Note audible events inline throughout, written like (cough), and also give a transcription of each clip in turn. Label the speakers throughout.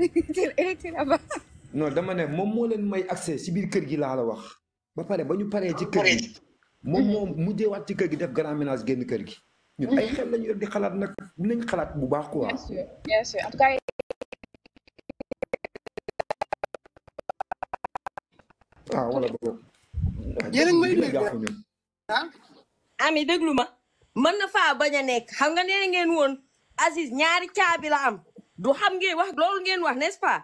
Speaker 1: (laughs)
Speaker 2: non dama ne moom moo leen may accès si biir kër gi laa la wax ba pare ba ñu paree ci kër gi moom moo mujjee waat ci kër gi def grand ménage genn kër gi ñun ay xel lañu di xalaat nag dinañ xalaat bu baax quoi.
Speaker 3: bien déglu ma. mën na faa bañ a nekk xam nga nee ngeen woon Aziz ñaari caabi la am. du xam ngeen wax loolu ngeen wax n'est-ce pas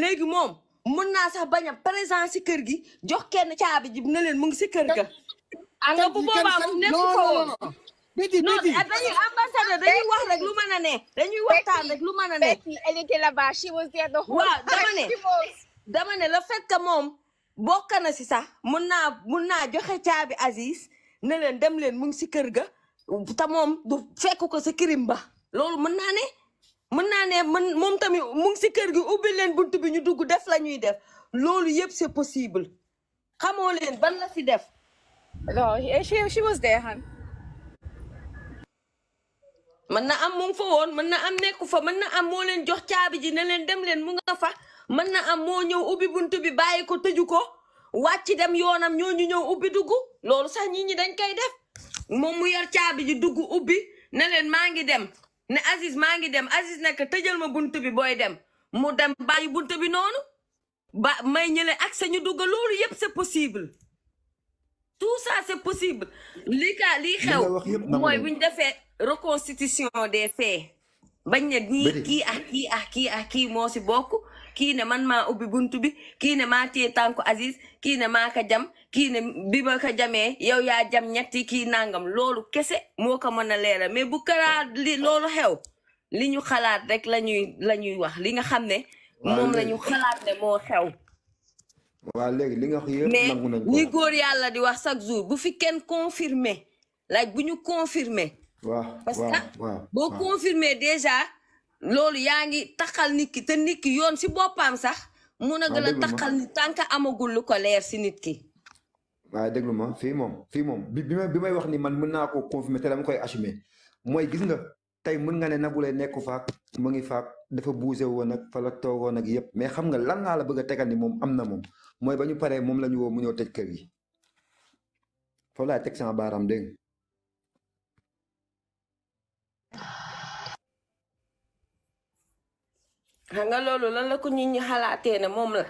Speaker 3: léegi moom mën naa sax bañ a présent si kër gi jox kenn caabi ji na leen mu ngi si kër ga. te bu boobaa moom nekk fa woon. béti eh, lu mën a ne. dañuy waxtaan lu mën a ne. béti elle était là-bas she was there the whole waaw moom bokk na si sax mun naa mun naa joxe caabi Aziz dem leen mu ngi si kër ga moom du fekk ko si kirim ba loolu mën naa ne. mën naa ne mën moom tamit mu si kër gi ubbi leen bunt bi ñu dugg def la ñuy def loolu yëpp c'est possible xamoo leen ban la fi def. non eh, she she mën na am mu ngi woon mën na am nekku fa mën na am moo leen jox caabi ji ne leen dem leen mu nga fa mën na am moo ñëw ubbi bunt bi bàyyi ko tëju ko wàcc dem yoonam ñooñu ñëw ubbi dugg loolu sax nit ñi dañ koy def moom mu yor caabi ji dugg ubbi ne leen maa ngi dem. ne Aziz maa ngi dem Aziz nekk tëjal ma bunt bi booy dem mu dem bàyyi bunt bi noonu ba may ñële ak sa ñu dugg loolu yëpp c'est possible tout sa c'est possible li ka lii xew mooy bu ñu defee reconstitution des faits bañ ne nii kii ak kii ak kii ak kii moo si bokk ki ne man ma ubi buntu bi ki ne ma téye tanko Aziz ki ne ma ka jam ki ne bi ma ko yow ya jam ñetti ki nangam lolu kese moko ko léra mais bu kara li loolu xew liñu ñu xalaat rek lañuy lañuy wax li nga xamné mom lañu la ñu xalaat ne moo xew.
Speaker 2: wa légui li nga wax yëpp nangu nañ ko mais ñi
Speaker 3: góor yàlla di wax chaque jour bu fi ken confirmé laaj buñu ñu confirmé.
Speaker 4: waaw parce que bo
Speaker 3: confirmé déjà. loolu yaa ngi taxal nit ki te nit ki yoon si boppam sax mun a gën a taxal nit amagul lu ko leer si nit
Speaker 2: ki. waaw déglu ma fii moom fii moom bi bi may wax ni man mën naa koo confirmer te dama koy assumer mooy gis nga tey mën nga ne Nabou Leye nekku faak mu ngi faak dafa bougé woon ak fa la toogoon ak yëpp mais xam nga lan laa la bëgg a tegal ni moom am na moom mooy ba ñu paree moom la ñu woo mu ñoo tëj kër yi foofu laay teg sama baaraam dégg nga
Speaker 3: xam nga loolu lan la ko nit ñi xalaatee ne moom la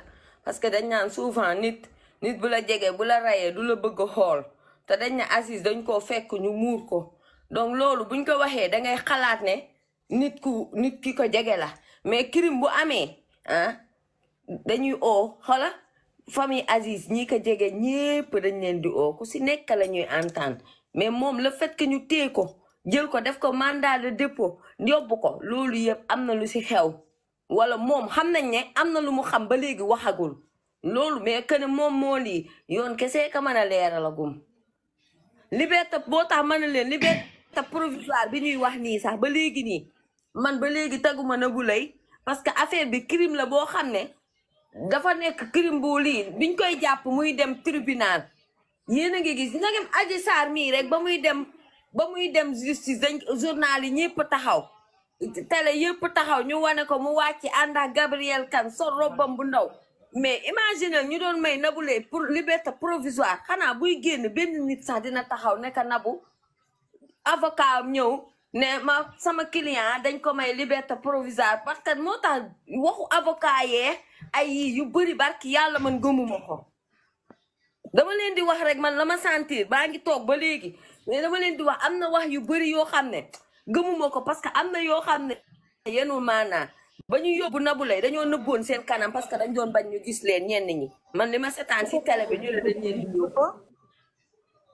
Speaker 3: parce que dañ naan souvent nit nit bu la jegee bu la rayee du la bëgg xool te dañ ne Aziz dañ ko fekk ñu muur ko donc loolu buñ ko waxee da ngay xalaat ne nit ku nit ki ko jege la mais crime bu amee ah dañuy oo xoola famille Aziz ñii ko jege ñépp dañ leen di oo ku si nekka lañuy ñuy mais moom la fait que ñu téye ko jël ko def ko mandat de dépôt yóbbu ko loolu yëpp am na lu si xew wala moom xam nañ ne am na lu mu xam ba léegi waxagul loolu mais que moom moo lii yoon kese ka man a leeralagum liberté boo tax mën a leen liberté provisoire bi ñuy wax nii sax ba léegi nii man ba léegi taguma Nabou Leye parce que affaire bi crime la boo xam ne dafa nekk crime bu lii biñ koy jàpp muy dem tribunal yéen a ngi gis nagam aji Sarr mii rek ba muy dem ba muy dem justice dañ journal yi ñëpp taxaw télé yëpp taxaw ñu wane ko mu wàcc ànd ak Gabriel Kane so robam bu ndaw mais imagine ñu doon may Nabou Leye pour liberté provisoire xanaa buy génn benn nit sax dina taxaw ne ka nabu avocat ñëw ne ma sama client dañ ko may liberté provisoire parce que moo tax waxu avocat yee ay yii yu bëri barki yàlla man gëmuma ko dama leen di wax rek man la ma sentir baa ngi toog ba léegi mais dama leen di wax am na wax yu bëri yoo xam ne gëmuma ko parce que am na yoo xam ne yenu maanaa ba ñu yóbbu Nabou Leye dañoo nëbboon seen kanam parce que dañ doon bañ ñu gis leen ñenn ñi man li ma setaan si télé bi ñu ne dañ leen di yóbbu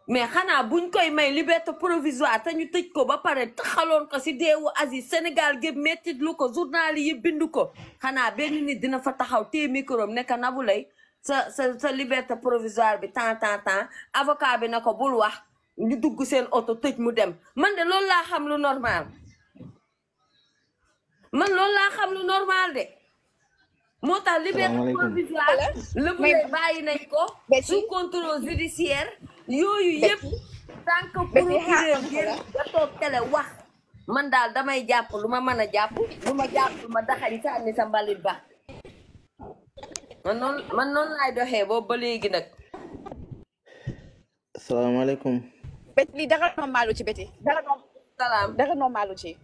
Speaker 3: mais xanaa buñ koy may liberté provisoire ta ñu tëj ko ba pare taxaloon ko si deewu Aziz Sénégal gépp mettit lu ko journal yi bindu ko xanaa benn nit dina fa taxaw téye micro am nekk Nabou sa sa sa liberté provisoire bi temps temps temps avocat bi na ko bul wax ñu dugg seen auto tej mu dem man de lool laa xam lu normal man lool laa xam lu normal de moo tax liberté provisoire lëbule bàyyi nañ ko sous contrôle judiciaire yooyu yépp tant que procureur yéen nga toog télé wax man daal damay jàpp lu ma mën a jàpp lu ma jàpp lu ma daxañ sànni sa mbalit ba man noonu man noonu laay doxee boobu ba léegi nag
Speaker 5: asalaamaaleykum
Speaker 4: bet li ci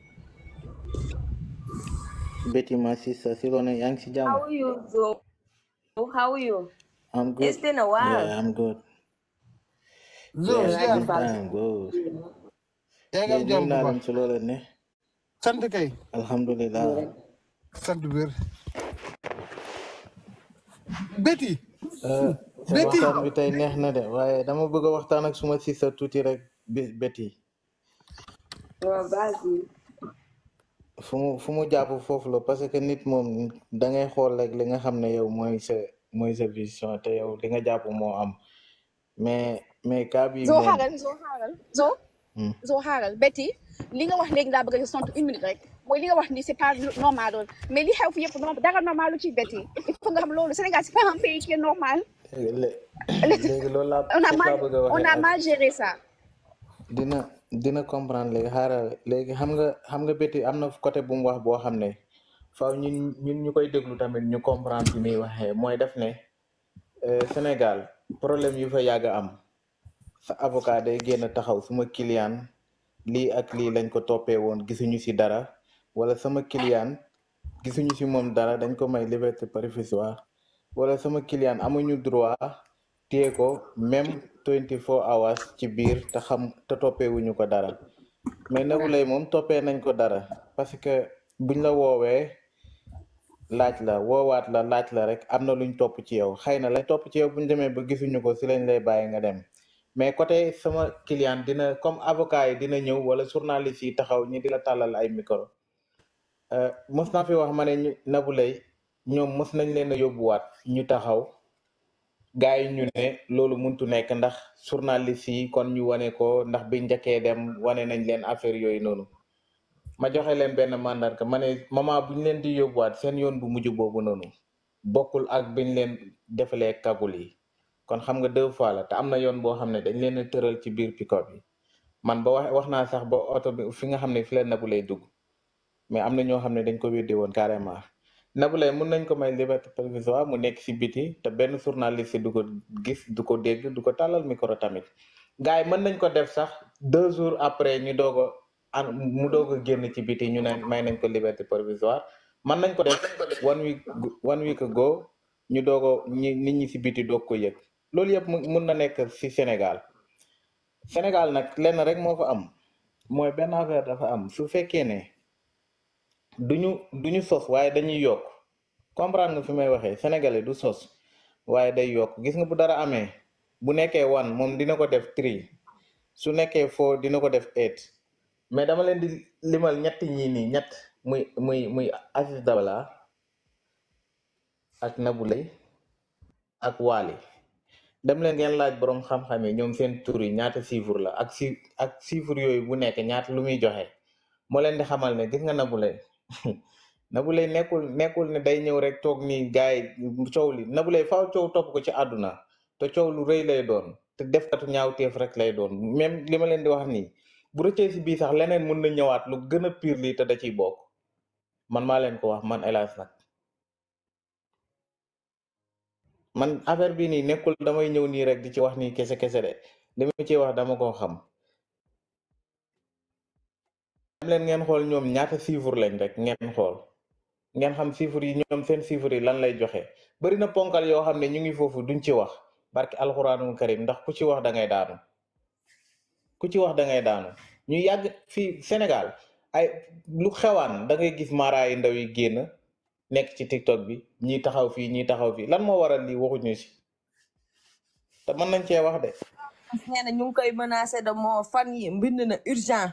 Speaker 5: beti ma sister Silone ngi si jàmm how
Speaker 3: are you Zo how are you
Speaker 5: I'm good it's been a while yaa
Speaker 6: ngi jàmm bu
Speaker 5: ci loolu ne sant kay alhamdulilah sant biir beti euh, Betty waxtaan bi tey neex na de waaye dama bëgg a waxtaan ak suma si sa tuuti rek Betty.
Speaker 3: waaw basi.
Speaker 5: fu mu fu mu jàpp foofu la parce que nit moom da ngay xool rek li nga xam ne yow mooy sa mooy sa vision te yow li nga jàpp moo am mais mais cas bi soo xaaral
Speaker 4: soo xaaral soo. soo hmm. xaaral Betty li nga wax léegi laa bëgg a sont une minute rek. mooy li nga wax ni c'est pas normal mais li xew fi yëpp dara normal lu ci Betty il faut nga xam loolu Sénégal c'est pas un pays qui est normal.
Speaker 5: (laughs) léegi loolu la bëgg a waxee on a mal dina dina comprendre léegi xaaral léegi xam nga xam nga béti am na côté bu mu wax boo xam ne faaw ñun ñun ñu koy déglu tamit ñu comprendre bi muy waxee mooy def ne euh, Sénégal problème yu fa yàgg am sa avocat day génn taxaw suma client lii ak lii lañ ko toppee woon gisuñu si dara wala sama client gisuñu si moom dara dañ ko may liberté provisoire wala sama client amuñu droit téye ko même 24 hours ci biir te xam te toppewuñu ko dara mais Nabou Leye moom toppee nañ ko dara parce que buñ la woowee laaj la woowaat la laaj la rek am na luñ topp ci yow xëy na lañ topp ci yow buñ demee ba gisuñu ko si lañ lay bàyyi nga dem mais côté sama client dina comme avocat yi dina ñëw wala journaliste yi taxaw ñi di la tàllal ay micro euh, mos naa fi wax ma ne Nabou Leye ñoom mës nañ leen a yóbbuwaat ñu taxaw gars yi ñu ne loolu muntu nekk ndax journaliste yi kon ñu wane ko ndax bi njëkkee dem wane nañ leen affaire yooyu noonu ma joxe leen benn mandarga ma ne moment bu ñu leen di yóbbuwaat seen yoon bu mujj boobu noonu bokkul ak biñ leen defalee kagul yi kon xam nga deux fois la te am na yoon boo xam ne dañ leen a tëral ci biir pick-up yi man ba wax wax naa sax ba oto bi fi nga xam ne fi leen nagu lay dugg mais am na ñoo xam ne dañ ko weddi woon carrément Naboulaye mun nañ ko may liberté provisoire mu nekk si biti te benn journaliste du ko gis du ko dégg du ko tàllal micro tamit gars yi mën nañ ko def sax deux jours après ñu doog a mu doog génn ci biti ñu ne may nañ ko liberté provisoire mën nañ ko def one week one week ago ñu doog ñi nit ñi si biti doog ko yëg loolu yëpp mun na nekk si Sénégal Sénégal nag lenn rek moo fa am mooy benn affaire dafa am su fekkee ne. duñu duñu sos waaye dañuy yokk comprendre nga fi may waxee sénégalais du sos waaye day yokk gis nga bu dara amee bu nekkee one moom dina ko def three su nekkee four dina ko def eight mais dama leen di limal ñetti ñii nii ñett muy muy muy Aziz Dabala ak Nabou ak Wally dam leen ngeen laaj borom xam-xam yi ñoom seen tur ñaata chiffre la ak si ak chiffre yooyu bu nekk ñaata lu muy joxe moo leen di xamal ne gis nga Nabou Leye (laughs) Nabou Leye nekkul nekkul ne day ñëw rek toog nii gaay yi coow li nabu lay faaw coow topp ko ci àdduna te coow lu rëy lay doon te def defkatu ñaawteef rek lay doon même li ma leen di wax nii bu rëccee si bii sax leneen mën na ñëwaat lu gën a pire lii te da ciy bokk man maa leen ko wax man hélas nag man affaire bi nii nekkul damay ñëw nii rek di ci wax nii kese kese de li ma ciy wax dama ko xam. am leen ngeen nyom ñoom ñaata sifur lañ rek ngeen hol, ngeen xam sifur yi ñoom seen sifur yi lan lay joxe bari na ponkal yoo xam ne ñu ngi foofu duñ ci wax barki karim ndax ku ci wax da ngay daanu ku ci wax da ngay daanu ñu yag fi senegal ay lu xewaan da ngay gis mara yi ndaw yi génn nekk ci TikTok bi ñii taxaw fii ñii taxaw fi lan moo waral lii waxuñu si ta man nañ cee wax de.
Speaker 3: nee na ñu ngi koy menacé de na urgent.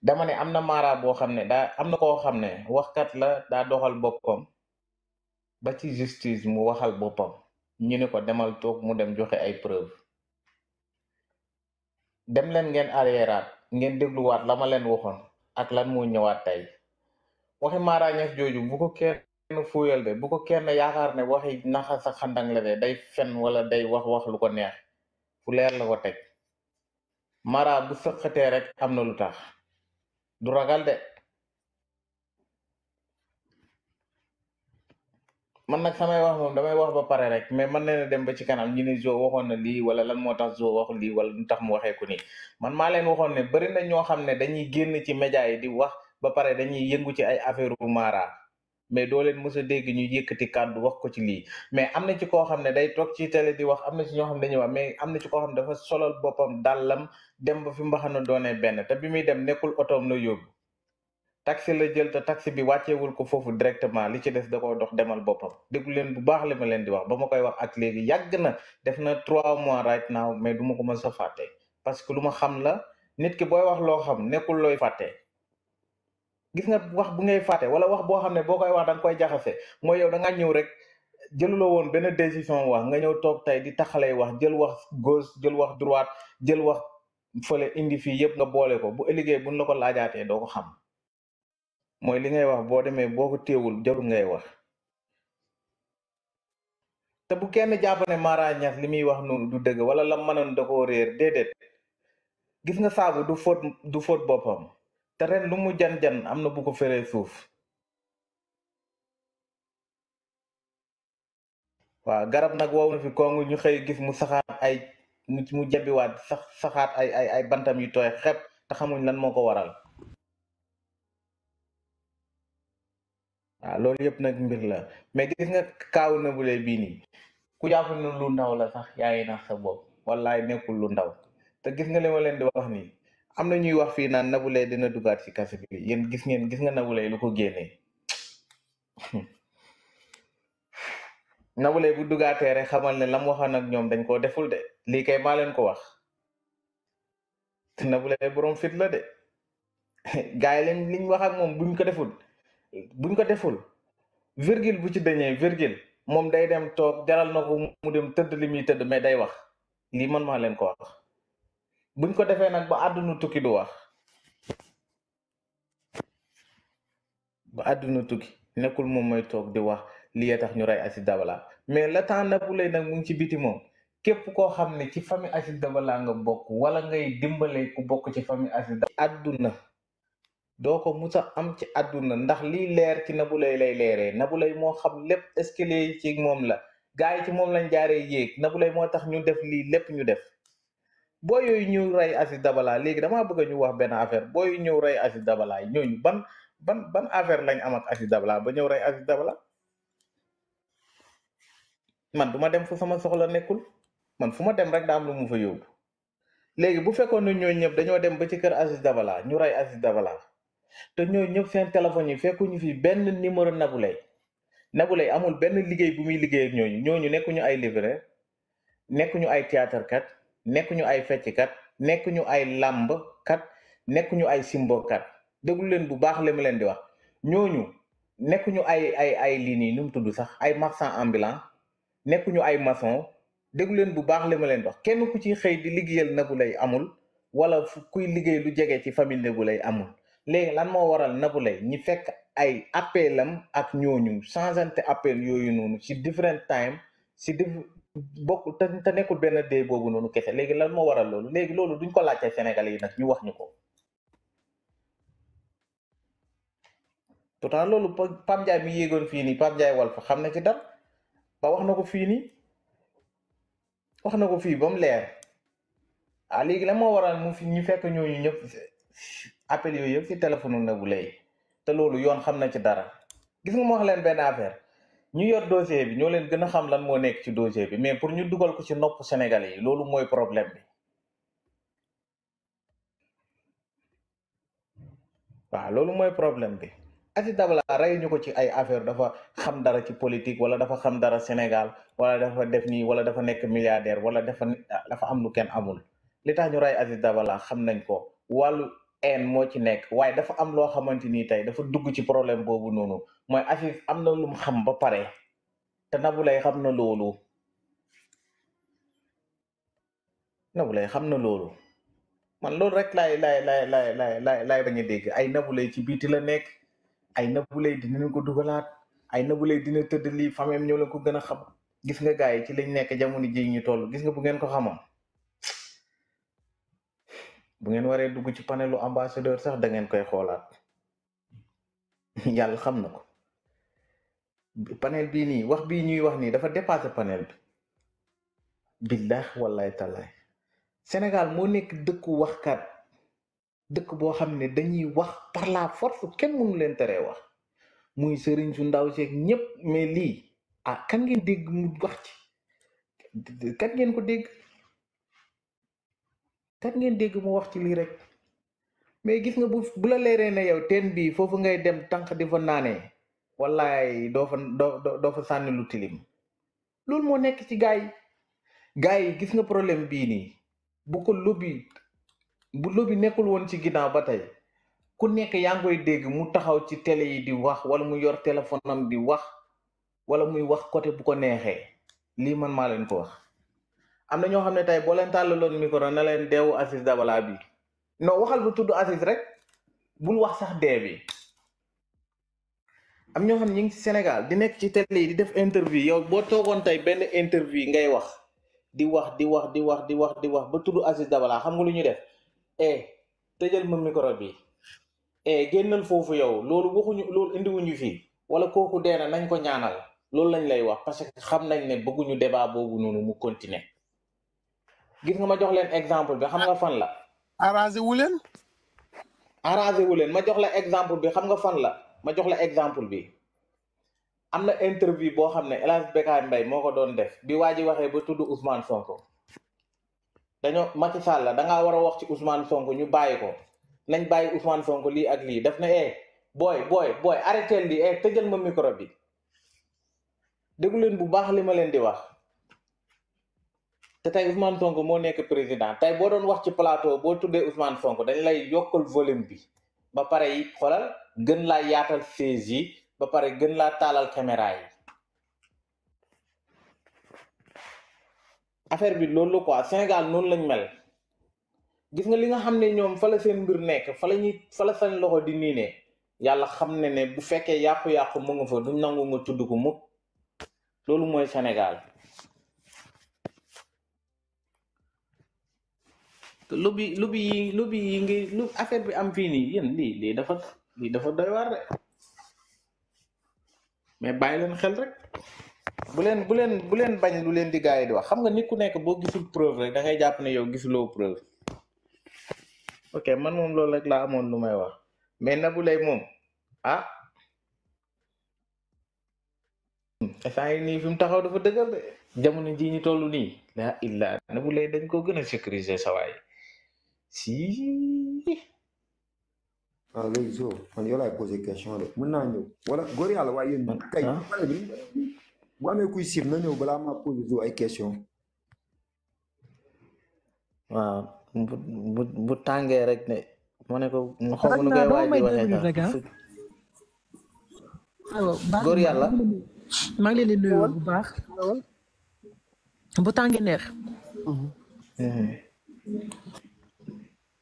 Speaker 5: dama ne am na mara boo xam ne daa am na koo xam ne waxkat la daa doxal boppam ba ci justice mu waxal boppam ñu ne ko demal toog mu dem joxe ay preuve dem leen ngeen arriéraat ngeen dégluwaat la ma leen waxoon ak lan moo ñëwaat tey waxi Mara Niass jooju bu ko kenn fuyal de bu ko kenn yaakaar ne waxi naxa sa xandang la de day fen wala day wax wax lu ko neex fu leer la ko teg Mara bu sëqatee rek am na lu tax du ragal de man nag samay wax moom damay wax ba pare rek mais man na dem ba ci kanam ñu ne zo waxoon na lii wala lan moo tax zo wax lii wala lu tax mu waxee ko nii man maa leen waxoon ne bëri na ñoo xam ne dañuy génn ci média yi di wax ba pare dañuy yëngu ci ay affaire u maara mais doo leen mës a dégg ñu yëkkati kàddu wax ko ci lii mais am na ci koo xam ne day toog ci télé di wax am na ci ñoo xam ne dañuy wax mais am na ci koo xam dafa solal boppam dàllam dem ba fi mbaxana doone benn te bi muy dem nekkul otoom la yóbbu taxi la jël te taxi bi wàcceewul ko foofu directement li ci des da ko dox demal boppam déglu leen bu baax la ma leen di wax ba ma koy wax ak léegi yàgg na def na trois mois right now mais duma ko mës a fàtte parce que lu ma xam la nit ki booy wax loo xam nekkul looy fàtte. gis nga wax bu ngay fàtte wala wax boo xam ne boo koy wax da koy jaxase mooy yow da nga ñëw rek jëluloo woon benn décision wax nga ñëw toog tey di taxalee wax jël wax gauche jël wax droite jël wax fële indi fii yëpp nga boole ko bu ëllëgee buñ la ko laajaatee doo ko xam mooy li ngay wax boo demee boo ko téewul jarul ngay wax te bu kenn jàpp ne Mara Niass li muy wax noonu du dëgg wala la mënoon da koo réer déedéet gis nga saabu du fóot du fóot boppam te ren lu mu jan-jan am na bu ko feree suuf waaw garab nag wow na fi kongu ñu xëy gis mu saxaat ay mu jabiwaat sax saxaat ay ay ay bantam yu tooy xepp te xamuñ lan moo ko waral waaw loolu yëpp nag mbir la mais gis nga kaaw na bu lee bii nii ku jàpp ne lu ndaw la sax yaa ngi nax wallaay nekkul lu ndaw te gis nga li ma di wax nii am na ñuy wax fii naan Naboulaye dina dugaat ci kase bi yéen gis ngeen gis nga Naboulaye lu ko génnee Naboulaye bu dugaatee rek xamal ne lam waxoon ak ñoom dañ koo deful de lii kay maa leen ko wax Naboulaye borom fit la de gars yi leen liñ wax ak moom buñ ko deful buñ ko deful virgule bu ci dañee virgule moom day dem toog jaral na ko mu dem tëdd li muy tëdd mais day wax lii man maa leen ko wax. buñ ko defee nag ba àdduna tukki du wax ba àdduna tukki nekkul moom mooy toog di wax lii tax ñu rey Aziz dabalaa mais le temps Nabou Leye nag mu ci biti moom képp koo xam ne ci famille Aziz Dabala nga bokk wala ngay dimbale ku bokk ci famille Aziz Dabala àdduna doo ko musa am ci àdduna ndax lii leer ci Nabou lay leeree Nabou moo xam lépp escalier yi ci moom la gars yi ci moom lañ jaaree yéeg Nabou Leye moo tax ñu def lii lépp ñu def boo yooyu ñëw rey Aziz Dabala léegi damaa bëgg ñu wax benn affaire boo ñëw rey Aziz Dabala ñooñu ban ban ban affaire lañ am ak Aziz ba ñëw rey Aziz Dabala man duma dem fu sama soxla nekkul man fu ma dem rek daa lu mu fa yóbbu léegi bu fekkoon ne ñooñu ñëpp dañoo dem ba ci kër Aziz Dabala ñu rey Aziz Dabala te ñooñu ñëpp seen téléphone yi fekkuñu fi benn numéro Nabou Leye amul benn liggéey bu muy liggéey ak ñooñu ñooñu nekkuñu ay livre nekkuñu ay théâtre nekkuñu ay fecckat nekkuñu ay làmb làmbkat nekkuñu ay simbookat déglu leen bu baax li ma leen di wax ñooñu nekkuñu ay ay ay lii nii mu tudd sax ay marchand ambulant nekkuñu ay mason déglu leen bu baax li ma leen di wax kenn ku ci xëy di liggéeyal Nabou lay amul wala kuy liggéey lu jege ci famille bu lay amul léegi lan moo waral Nabou Leye ñi fekk ay appelam ak ñooñu changeante appel yooyu noonu ci different time ci bokk te te nekkul benn dee boobu noonu kese léegi lan moo waral loolu léegi loolu duñ ko laajte Sénégalais yi nag ñu wax ñu ko. pourtant loolu Pape Ndiaye mi yéegoon fii nii Pape Ndiaye Walf xam na ci dara ba wax na ko fii nii wax na ko fii ba mu leer ah léegi lan moo waral mu fi ñu fekk ñooñu ñëpp appel yooyu yëpp si téléphone na bu lay te loolu yoon xam na ci dara gis nga ma wax leen benn affaire. ñu yor dossier bi ñoo leen gën a xam lan moo nekk ci dossier bi mais pour ñu dugal ko ci nopp Sénégalais yi loolu mooy problème bi waaw loolu mooy problème bi Aziz Dabala ñu ko ci ay affaire dafa xam dara ci politique wala dafa xam dara Sénégal wala dafa def nii wala dafa nekk milliardaire wala dafa dafa am nu kenn amul li tax ñu rey Aziz Dabala xam nañ ko wàllu en moo ci nekk waaye dafa am loo xamante ni tey dafa dugg ci problème boobu noonu mooy Afif am na lum xam ba pare te Nabou lay xam na loolu Nabou Leye xam na loolu man loolu rek laay laay laay laay laay laay laay bañ dégg ay Nabou Leye ci biiti la nekk ay Nabou Leye dinañ ko dugalaat ay Nabou Leye dina tëdd lii famem ñëw la ko gën a xam gis nga gaay yi ci lañ nekk jamono ji ñu toll gis nga bu ngeen ko xamoon bu ngeen waree dugg ci panelu ambassadeur sax da ngeen koy xoolaat yàlla xam ko panel bii nii wax bii ñuy wax nii dafa dépasser panel bi billah wallahi tallaay Sénégal moo nekk dëkku waxkat dëkk boo xam ne dañuy wax par la force kenn mënu leen teree wax muy sëriñ su ndaw seeg ñëpp mais lii ah kan ngeen dégg mu wax ci kan ngeen ko dégg kat ngeen dégg mu wax ci lii rek mais gis nga bu bula leeree na yow teen bii foofu ngay dem tànk di fa naanee wallaay doo fa doo doo fa sànni lu tilim
Speaker 1: loolu moo nekk ci gaay
Speaker 5: gaay yi gis nga problème bii nii bu ko lobby bu lobby nekkul woon ci ginnaaw ba tey ku nekk yaa ngi koy dégg mu taxaw ci télé yi di wax wala mu yor téléphone am di wax wala muy wax côté bu ko neexee lii man maa leen ko wax am na ñoo xam ne tey boo leen tàllaloon micro na leen deewu Aziz Dabala bi non waxal bu tudd Aziz rek bul wax sax dee bi am ñoo xam ñi ngi ci Sénégal di nekk ci télé yi di def interview yow boo toogoon tey benn interview ngay wax di wax di wax di wax di wax di wax ba tudd Aziz Dabala xam nga lu ñu def eh tëjal ma micro bi eh génnal foofu yow loolu waxuñu loolu indiwuñu fii wala kooku dee na nañ ko ñaanal loolu lañ lay wax parce que xam nañ ne bëgguñu débat boobu noonu mu continuer gis nga ma jox leen exemple bi xam nga fan la. arrangé wu arrangé wu leen ma jox la exemple bi xam nga fan la ma jox la exemple bi am na interview boo xam ne El Hadj Bécaye moo ko doon def bi waa ji waxee ba tudd Ousmane Sonko dañoo Macky Sall la da ngaa war a wax ci Ousmane Sonko ñu bàyyi ko nañ bàyyi Ousmane Sonko lii ak lii daf na eh booy booy booy arrêté lii eh tëjal ma micro bi déglu leen bu baax li ma leen di wax. te tey Ousmane moo nekk président tey boo doon wax ci plateau boo tuddee Ousmane Sonko dañ lay yokkal volume bi ba pare yi gën laa yaatal siège yi ba pare gën laa taalal caméra yi affaire bi loolu ko Sénégal noonu lañ mel gis nga li nga xam ne ñoom fa seen mbir nekk fa la ñuy fa la seen loxo di nii yàlla xam ne ne bu fekkee yàqu-yàqu mu nga fa du nangu nga tudd ko mukk loolu mooy Sénégal lobby lobby yi lobby yi ngi lu affaire bi am fii nii yéen lii lii dafa lii dafa doy waar rek mais bàyyi leen xel rek bu leen bu leen bu leen bañ lu leen di gars di wax xam nga nit ku nekk boo gisul preuve rek da jàpp ne yow gisuloo preuve ok man moom loolu rek la amoon lu may wax mais Nabou lay moom ah instant yi nii fi mu taxaw dafa dëgër de jamono jii ñu toll nii la illa Nabou Leye dañ koo gën a sécuriser sa
Speaker 2: sii waaw léegi so man yow laay posé de mën naa ñëw wala góor yàlla waaye yéen ah. kay bu amee kuy siif na ñëw balaa maa posé so ay question waaw bu bu rek ne ma ne ko nu koy waay di
Speaker 5: waxee
Speaker 1: góor yàlla maa leen di nuyu bu baax bu tàngee neex
Speaker 6: mm-hmm.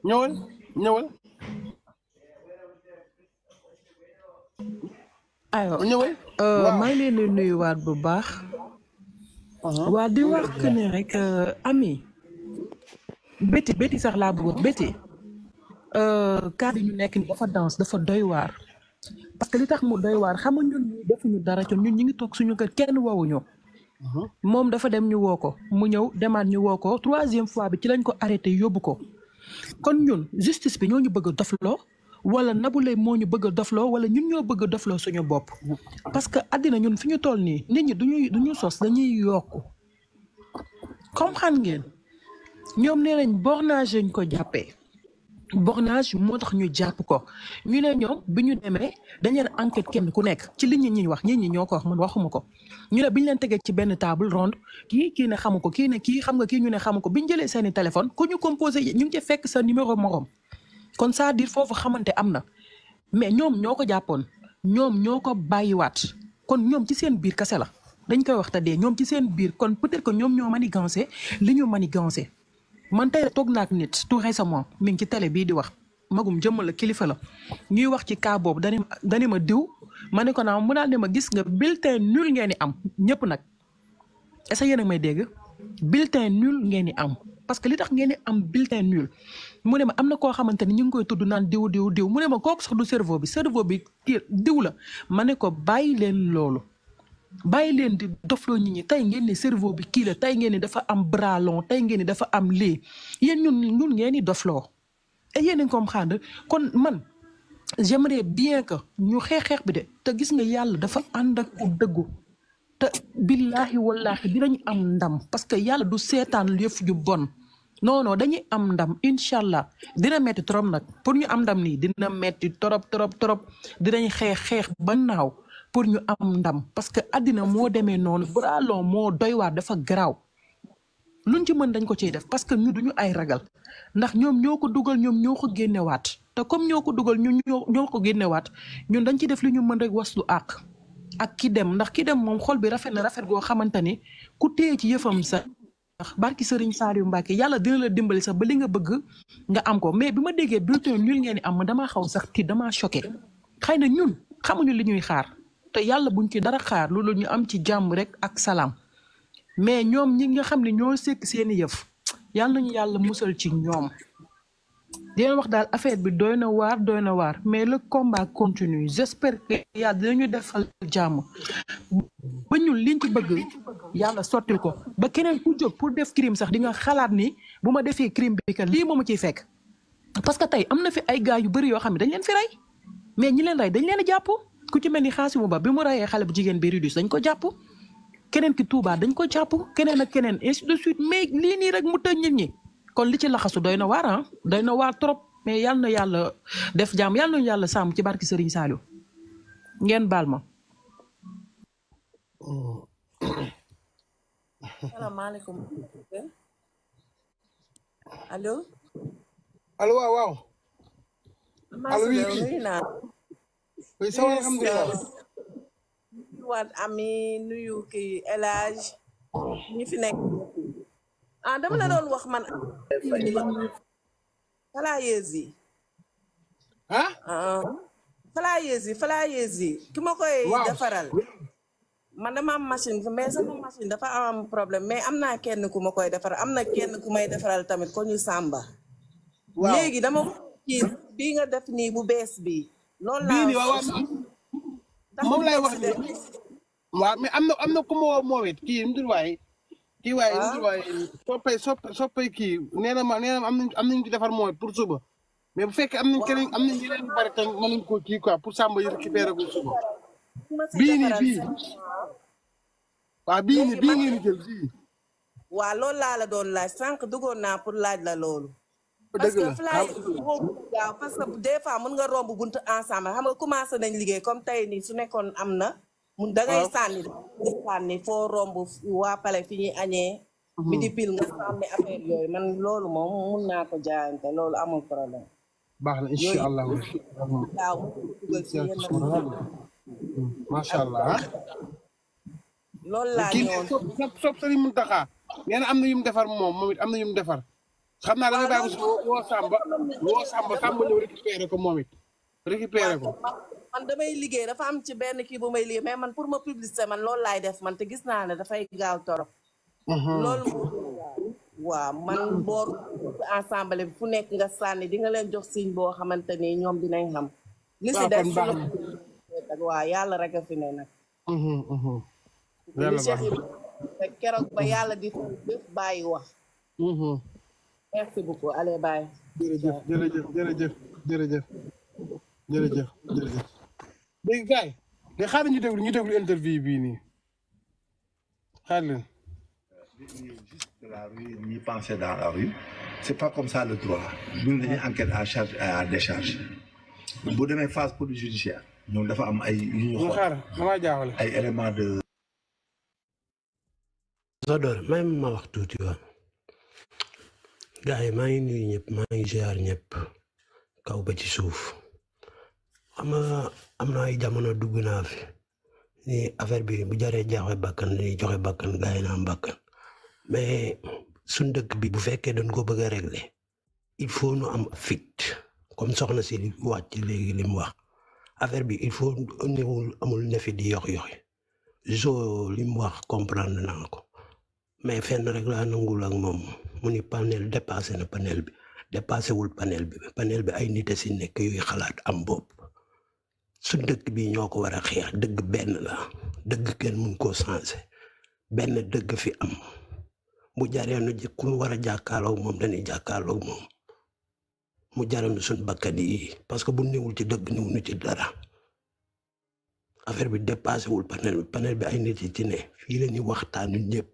Speaker 1: ñëwal ñëwal ayo ñëwal euh, maa ngi leen di nuyuwaat bu baax uh-huh. waa di wax que ne rek euh, ami béti béti sax laa bëggoon béti kaar yi ñu nekk ni dafa danse dafa doy waar parce que li tax mu doy waar xam nga ñun ñii defuñu dara ci ñun ñu ngi toog suñu kër kenn wowuñu uh-huh. moom dafa dem ñu woo ko mu ñëw demaan ñu woo ko troisième fois bi ci lañ ko arrêté yóbbu ko kon ñun justice bi ñoo ñu bëgg a dofloo wala nabu Leye moo ñu bëgg a dofloo wala ñun ñoo bëgg a dofloo suñu bopp parce que àddina ñun fi ñu toll nii nit ñi duñuy duñu sos dañuy yokku comprendre ngeen ñoom nee nañ bornage lañ ko jàppe bornage motax ñu japp ko ñu ne ñom biñu démé demee leen enquête kenn ku nekk ci li ñi ñi wax ñi ñi ñoo ko wax man waxuma ko ñu ne bi leen tégué ci benn table ronde ki ki ne xamuko ki kii ne kii xam nga ki ñu ne xamuko ko bi ñu téléphone ko ñu composé ñu ci fekk sa numéro morom kon c'est-à-dire foofu xamante am mais ñom ñoo ko jàppoon ñoom ñoo ko bàyyiwaat kon ñom ci seen biir kase la dañ koy wax ta dé ñom ci seen biir kon peut-être que ñoom ñoo manigancé li ñu manigancé man tey toog naak nit tout récemment mi ngi ci télé bii di wax magum jëmm la kilifa la ñuy wax ci cas boobu dani dani ma diw ma ne ko naa mu daal ma gis nga bulletin nul ngeen di am ñëpp nag est-ce yéen a may dégg bulletin nul ngeen di am parce que li tax ngeen di am bulletin nul mu ne ma am na koo xamante ni ñu ngi koy tudd naan diw diw diw mu ne ma kook sax du cerveau bi cerveau bi diw la ma ne ko bàyyi leen loolu bàyyi leen di dofloo nit ñi tay ngeen ne cerveau bi ki la tay ngeen ne dafa am bras long tay ngeen ne dafa am lee yéen ñun ñun ngeen di dofloo et yéen ngi comprendre kon man j'aimerais bien que ñu xex xex bi de te gis nga yalla dafa and ak ku dëggu te billahi wallahi dinañ am ndam parce que yalla du seetaan yëf ju bon non non dañuy am ndam inshallah dina metti trop nak pour ñu am ndam ni dina metti trop trop trop dinañ xex xex ba naaw pour ñu am ndam parce que àddina moo demee noonu bras long moo doy waar dafa garaaw luñ ci mën dañ ko ciy def parce que ñu duñu ay ragal ndax ñoom ñoo ko dugal ñoom ñoo ko génnewaat te comme ñoo ko dugal ñu ñoo ko génnewaat ñun dañ ci def li ñu mën rek waslu àq ak ki dem ndax ki dem moom xol bi rafet na rafet goo xamante ni ku téye ci yëfam sa ndax barki Serigne Saliou Mbacke yàlla dina la dimbali sax ba li nga bëgg nga am ko mais bi ma déggee bulletin nul ngeen ni ma damaa xaw sax ti damaa choqué xëy na ñun xamuñu li ñuy xaar. te yàlla ñu ci dara xaar loolu ñu am ci jàmm rek ak salaam mais ñoom ñi nga xam ne ñoo sekk seeni yëf yàlla nañu yàlla musal ci ñoom. dinañ wax daal affaire bi doy na waar doy na waar mais le combat continue j'espère que yàlla dinañu defal jàmm ba ñun liñ ci bëgg yàlla sottil ko ba keneen ku jóg pour def crime sax di nga xalaat ni bu ma defee crime bi kat lii moomu ciy fekk parce que tey am na fi ay gars yu bëri yoo xam ne dañ leen fi rey mais ñi leen ku ci melni khasimu ba bi mu rayee xale bu jigen bi ridus dañ ko japp keneen ki Touba dañ ko japp keneen ak keneen et de suite mais li ni rek mu teñ nit ñi kon li ci laxasu doy na waar ah doy trop mais yal yalla def jam yal yalla sam ci barki Serigne salio ngeen balma ma.
Speaker 4: (coughs) alaykum allo. allo waaw waaw. allo oui. waat ami nuyu ki El Hadj ñu fi nekk ah dama la doon wax man flyers yi ah yi flyers ma koy defaral man dama am machine mais sama machine dafa am problème mais am naa kenn ku ma koy defaral am na kenn ku may defaral tamit ko ñu sàmba léegi dama kii bii nga def nii bu bees bi loolu laa bii nii moom lay wax de waaw am na am na ku ma
Speaker 5: woo moom it kii Ndour waaye. kii waaye ah. Ndour waaye kii nee na ma nee na am nañ am nañ ci defar moom pour suba. mais bu fekkee am nañ keneen am nañ yeneen yu bari tam mën nañ koo kii quoi pour Samba yi récupéré ko suba.
Speaker 4: bii nii bii. waaw bii nii bii ngeen jël bii. waaw loolu laa doon laaj sànq duggoon naa pour laaj la loolu. parce que flyers yi parce que des fois mën nga romb buntu ensemble xam nga commencé nañ liggéey comme tey nii su nekkoon am na. mun da ngay sànni da sànni foo romb waa pale fi ñuy añee. bi mhm. di pil nga sànni affaire loolu moom mun naa ko jaayante loolu amul problème.
Speaker 6: baax na incha allah waaw
Speaker 1: macha allah. Ah. loolu laa ñëwoon kii sop sop sëriñ Muntaxa nee na am na yu mu defar moom moom it am na yu mu defar. xam
Speaker 4: naa da nga bàyyi ko ah, woo Samba woo Samba Samba ñëw
Speaker 5: récupéré ko moom it récupéré ko
Speaker 4: man damay liggéey dafa am ci benn kii bu may liggéey mais man pour ma publicité man loolu laay def man te gis naa ne dafay gaaw torop mhm. loolu waaw man mhm. boor ensemble fu nekk nga sànni di nga leen jox signe boo xamante ni ñoom dinañ xam li si def waaw yàlla rek a fi ne nag
Speaker 6: mhm,
Speaker 4: li keroog ba yàlla di def wax merci beaucoup allez bye. jërëjëf jërëjëf jërëjëf
Speaker 5: jërëjëf jërëjëf jërëjëf. léegi gars yi de xaaral ñu déglu ñu déglu interview bii nii
Speaker 2: xaar leen. la rue ni penser dans la rue c'est pas comme ça le droit ñun dañuy enquête à charge et à décharge bu demee phase pour le judiciaire ñoom dafa am ay yu ñu xool ay éléments de.
Speaker 6: J'adore, même ma tu vois. gaa yi maa ngi nuyu ñëpp maa ngi ziar ñëpp kaw ba ci suuf xam nga am na ay jamono dugg naa fi ni affaire bi bu jaree joxe bakkan dañuy joxe bakkan gaa yi naan bakkan mais suñ dëkk bi bu fekkee dañ ko bëgg a régler il faut nu am fit comme soxna si li wàcc ci léegi li mu wax affaire bi il faut newul amul ne di yox yoxi jo li wax comprendre naa ko mais fenn rek laa nangul ak moom mu ni panel dépassé na panel bi dépassé wul panel bi panel bi ay nité ci nek yu yuy xalaat am bop su dëkk bi ñoko wara xex dëgg ben la dëgg kenn mun ko changé ben dëgg fi am mu na nu ku wara jakkalo mom jàkkaarloo moom dañuy jàkkaarloo moom mu jaral nu suñ yi parce que bu newul ci dëgg newu nu ci dara affaire bi dépassé wul panel bi panel bi ay nit ci ne fi la waxtaan ñun ñëpp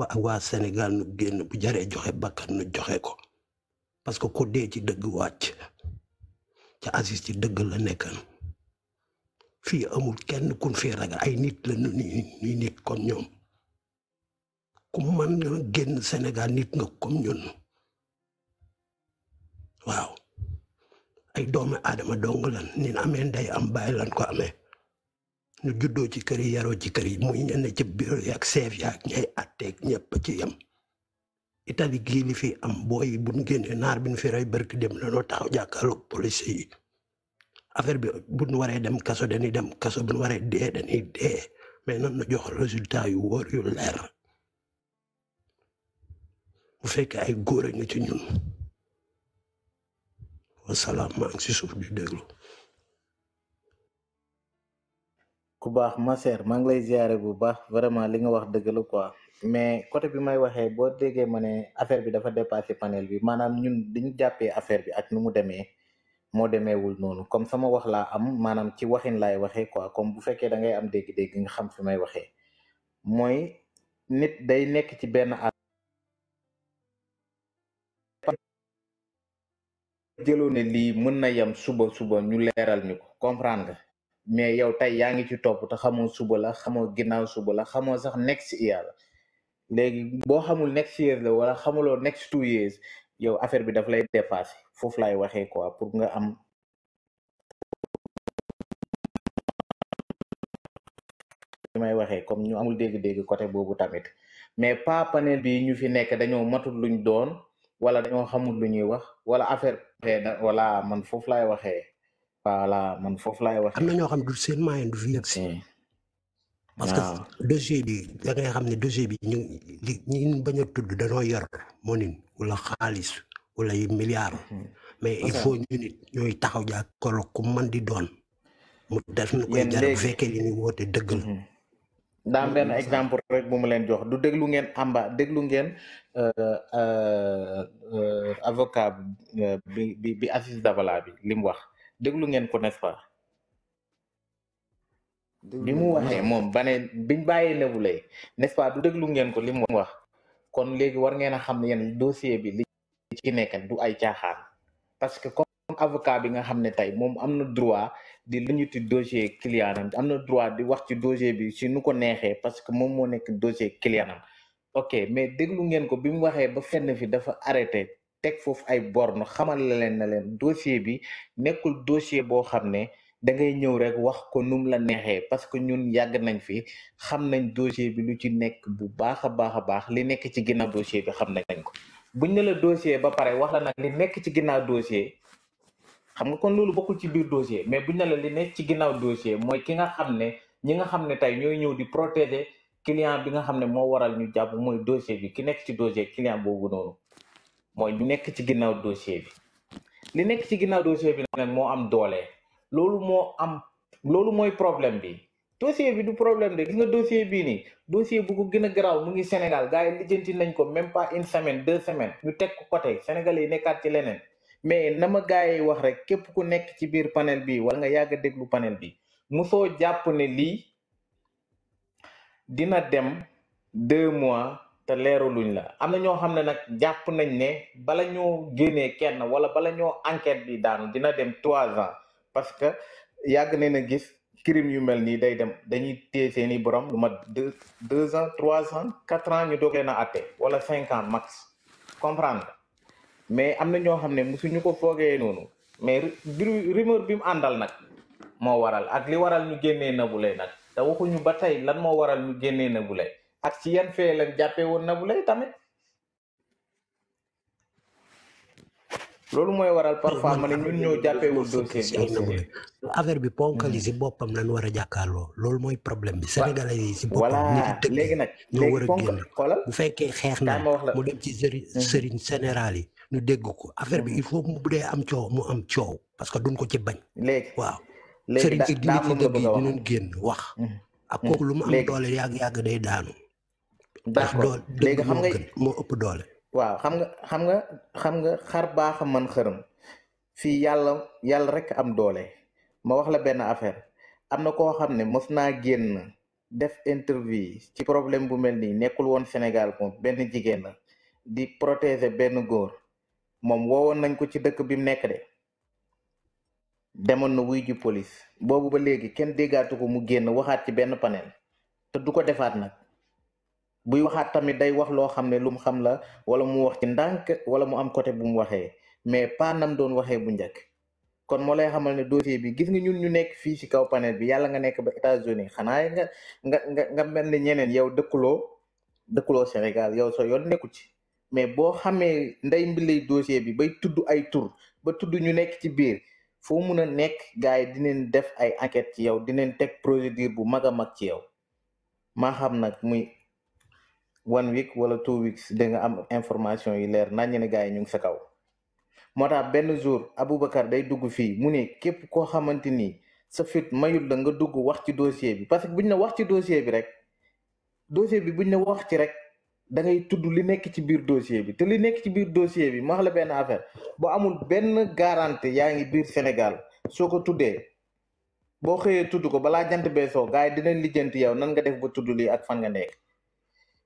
Speaker 6: waa waa Sénégal nu génn bu jaree joxe bakkan nu joxe ko parce que ku dee ci dëgg wàcc ca Aziz ci dëgg la nekkan fii amul kenn kun fi ragal ay nit la nu ni nit kon ñoom ku man génn senegal nit nga kom ñun waaw ay doomu aadama dong lan nin amee ndey am bàyyi ko amee ñu juddoo ci kër yi yaroo ci kër yi muy ñu ne ci biir yi ak chef yi ak ñay atteeg ñëpp ci yam itali gii li fi am booy buñ génnee naar bi ñu fi rey barki dem la noo taxaw jàkkaarloog police yi affaire bi bu buñ waree dem kaso dañuy dem kaso buñ waree dee dañuy dee mais nan na jox résultat yu wóor yu leer bu fekkee ay góor a ngi ci ñun wasalaam maa ngi si suuf di déglu
Speaker 5: ku baax ma sœur maa ngi lay ziare bu baax vraiment li nga wax dëgg la quoi mais côté bi may waxee boo déggee ma ne affaire bi dafa dépassé panel bi maanaam ñun dañu jàppee affaire bi ak nu mu demee moo demeewul noonu comme sama wax laa am maanaam ci waxin laay waxee quoi comme bu fekkee dangay am dégg-dégg nga xam fi may waxee mooy nit day nekk ci benn jëloo ne lii mën na yem suba suba ñu leeral ñu ko comprendre mais yow tey yaa ngi ci topp te xamoo suba la xamoo ginnaaw suba la xamoo sax next year la léegi boo xamul next year la wala xamuloo next two years yow affaire bi daf lay dépassé foofu laay waxee quoi pour nga am li may waxee comme ñu amul dégg-dégg côté boobu tamit mais pas panel bi ñu fi nekk dañoo matul luñ doon wala dañoo xamul lu ñuy wax wala affaire wala man foofu lay waxee voilà man foofu laay
Speaker 6: wax. am na ñoo xam du seen moyen du fi yegg si. parce que dossier bi da ngay xam ne dossier bi ñu li ñu bañ a tudd yor monin wala xaalis wala yu milliards. Mhm. mais il faut ñu nit ñooy taxaw jàkkaarloo ku man di doon. mu def na koy jar bu fekkee li ñuy woote dëgg la. Mhm.
Speaker 5: daa mhm. exemple rek bu mu leen jox du déglu ngeen amba déglu ngeen euh, euh, euh, avocat bi bi bi Aziz bi li wax. déglu ngeen ko n'est-ce pas bi mu waxee moom ba ne biñ bàyyee Nabou Leye n'est-ce du déglu ngeen ko li mu wax kon léegi war ngeen a xam ne yéen dossier bi li ci nekk du ay caaxaan parce que comme avocat bi nga xam ne tey moom am na droit di lu lañuti dossier clientam am na droit di wax ci dossier bi si nu ko neexee parce que moom moo nekk dossier clientam ok mais déglu ngeen ko bi mu waxee ba fenn fi dafa arrêté teg foofu ay borne xamal la leen na leen dossier bi nekkul dossier boo xam ne da ngay ñëw rek wax ko num la neexee parce que ñun yàgg nañ fi xam nañ dossier bi lu ci nekk bu baax a baax a baax li nekk ci ginnaaw dossier bi xam nañ ko buñ ne la dossier ba pare wax la nag li nekk ci ginnaaw dossier xam nga kon loolu bokkul ci biir dossier mais buñ ne la li nekk ci ginnaaw dossier mooy ki nga xam ne ñi nga xam ne tey ñooy ñëw di protéger client bi nga xam ne moo waral ñu jàpp mooy dossier bi ki nekk ci dossier client boobu noonu mooy bi nekk ci ginnaaw dossier bi li nekk ci ginnaaw dossier bi nag moo am doole loolu moo am loolu mooy problème bi dossier bi du problème de gis nga dossier bii nii dossier bu ko gën a garaaw mu ngi Sénégal gars yi lijjanti nañ ko même pas une semaine deux semaines ñu teg ko côté Sénégal yi nekkaat ci leneen mais nama ma gars yi wax rek képp ku nekk ci biir panel bi wala nga yàgg déglu panel bi musoo jàpp ne lii dina dem deux mois te leeraluñ la am na ñoo xam ne nag jàpp nañ ne bala ñoo génnee kenn wala bala ñoo enquête bi daanu dina dem trois ans parce que yàgg nañ a gis crime yu mel nii day dem dañuy téye seen borom lu mat deux deux ans trois ans quatre ans ñu doog na a wala cinq ans max comprendre mais am na ñoo xam ne mosuñu ko foogee noonu mais rumeur bi mu àndal nag moo waral ak li waral ñu génnee Nabou Leye nag te waxuñu ba tey lan moo waral ñu génnee Nabou ak ci yan fee leen jàppee woon na bu lay tamit loolu mooy waral parfois ma ne ñun ñoo jàppeewul dossier bi
Speaker 6: affaire bi ponkali si boppam lañ war a jàkkaarloo loolu mooy problème bi sénégalais yi si boppam nit yi léegi nag ñoo war a génn bu fekkee xeex na mu dem ci sëriñ mm-hmm. sëriñ général yi ñu dégg ko affaire bi il faut mu bu dee am coow mu am coow parce que duñ ko ci bañ léegi waaw sëriñ si dina génn wax mm-hmm. ak kooku lu mu am doole yàgg-yàgg day daanu d'accord léegi xam nga moo ëpp doole waaw xam nga xam
Speaker 5: nga xam nga xar baax a man xërëm fii yàlla yàlla rek am doole ma wax la benn affaire am na koo xam ne mos naa génn def interview ci problème bu mel nii nekkul woon Sénégal moom benn jigéen la di protéger benn góor moom woowoon nañ ko ci dëkk bi mu nekk de demoon na wuy ji police boobu ba léegi kenn déggaatu ko mu génn waxaat ci benn panel te du ko defaat nag buy waxaat tamit day wax loo xam ne lu mu xam la wala mu wax ci ndànk wala mu am côté bu mu waxee mais pas nam doon waxee bu njëkk kon moo lay xamal ne dossier bi gis nga ñun ñu nekk fii ci kaw panel bi yàlla nga nekk ba États-Unis xanaay nga nga nga nga mel ne ñeneen yow dëkkuloo dëkkuloo Sénégal yow so yoon nekku ci mais boo xamee nday mbilay dossier bi bay tudd ay tur ba tudd ñu nekk ci biir foo mun a nekk gars yi dinañ def ay enquête ci yow dinañ teg procédure bu mag a mag ci yow one week wala two weeks da nga am information yi leer nañ ne gars yi ñu ngi sa kaw moo tax benn jour Aboubacar day dugg fii mu ne képp koo xamante ni sa fit mayul la nga dugg wax ci dossier bi parce que buñ ne wax ci dossier bi rek dossier bi buñ ne wax ci rek da ngay tudd li nekk ci biir dossier bi te li nekk ci biir dossier bi max la benn affaire boo amul benn garantie yaa ngi biir Sénégal soo ko tuddee boo xëyee tudd ko balaa jant beesoo gars yi dinañ lijjanti yow nan nga def ba tudd lii ak fan nga nekk.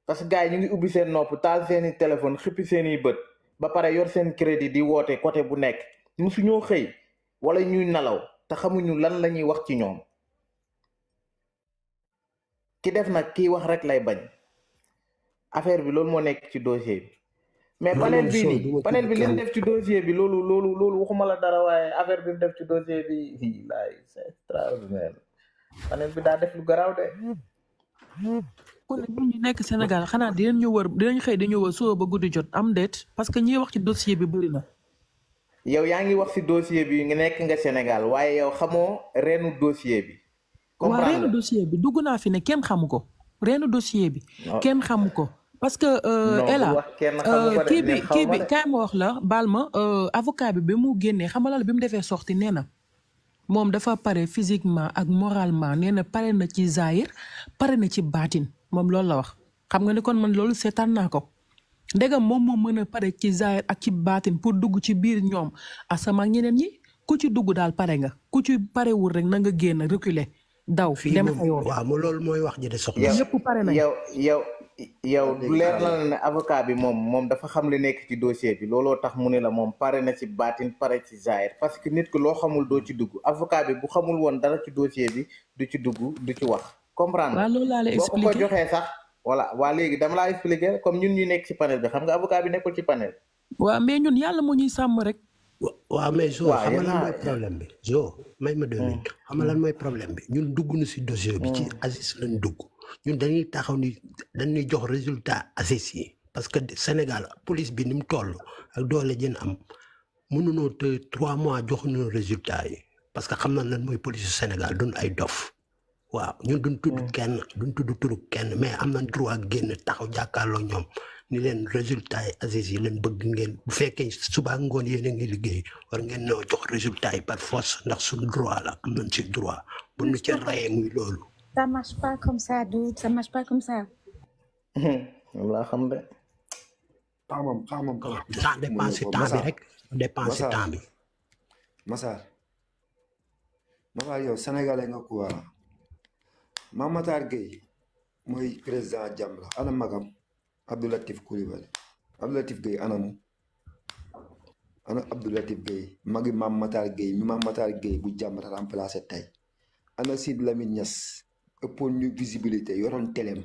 Speaker 5: parce que gars ñu ngi ubbi seen nopp taal seen i téléphone xippi seen i bët ba pare yor seen crédit di woote côté bu nekk musu ñoo xëy wala ñuy nalaw te xamuñu lan la ñuy wax ci ñoom ki def nag kii wax rek lay bañ affaire bi loolu moo nekk ci dossier bi mais panel bii nii panel bi leen def ci dossier bi loolu loolu loolu waxuma la dara waaye affaire bi def ci dossier bi laay bi daa def lu garaaw de
Speaker 4: kon nag ñu nekk
Speaker 1: Sénégal xanaa dinañ ñu wër dinañ xëy dañu wër suba ba guddi jot am déet parce que ñiy wax ci dossier bi bëri na.
Speaker 5: yow yaa ngi wax si dossier bi nga nekk nga Sénégal waaye yow xamoo reenu dossier bi. comprendre
Speaker 1: dugg naa fi ne kenn xamu ko reenu dossier bi. kenn xamu ko. parce que euh, Ella euh, kii bi kii bi kaay ma wax la baal ma euh, avocat bi bi mu génnee xamalal bi mu defee sorti nee na. moom dafa pare physiquement ak moralement nee na pare na ci zaahir pare na ci baatin moom loolu la wax xam nga ne kon man loolu seetaan naa ko ndegam moom moo mën a pare ci zaahir ak ci baatin pour dugg ci biir ñoom asama sama ñeneen ñi ku ci dugg daal pare nga ku ci parewul rek na nga génn reculer daw. dem
Speaker 6: waa waaw loolu mooy wax ji de soxna. yëpp pare na yow yow.
Speaker 5: yow du leer na ne avocat bi moom moom dafa xam li nekk ci dossier bi looloo tax mu ne la moom pare na ci batin pare ci zaahir parce que nit ku loo xamul doo ci dugg avocat bi bu xamul woon dara ci dossier bi du ci dugg du ci wax comprendre waaw loolu la expliqué boo ko joxee sax voilà waa léegi dama laa expliquer comme ñun ñu nekk ci panel bi xam nga avocat bi nekkul ci panel
Speaker 1: waaw mais ñun yàlla moo ñuy
Speaker 6: sàmm rek waaw mais jo xam nga lan mooy problème bi jo may ma deux hmm. minutes xam nga lan hmm. mooy problème bi ñun dugg na si dossier bi hmm. ci Aziz lañ dugg ñun dañuy taxaw ni dañuy jox résultat assises yi parce que Sénégal police bi ni mu toll ak doole jën am mënunoo te trois mois joxuñu résultat yi parce que xam na lan mooy police Sénégal duñ ay dof waaw ñun duñ tudd hmm. kenn duñ tudd turu kenn mais am nan droit génn taxaw jàkkaarloo ñoom ni leen résultat yi assises yi leen bëgg ngeen bu fekkee subaa ngoon yéen a ngi liggéey war ngeen noo jox résultat ay par force ndax suñu droit la am nañ si droit bu ñu ci rayee muy loolu
Speaker 4: ça marche pas comme ça, Doud, ça marche pas comme ça.
Speaker 6: allah (laughs) la de.
Speaker 2: pam temps ça dépense temps temps Massar Massar sénégalais nga quoi président ana magam Abdoulatif Coulibaly Abdoulatif Gueye anamu ana Abdoulatif magi bu ana de Lamine ëppoon ñu visibilité yoroon teleem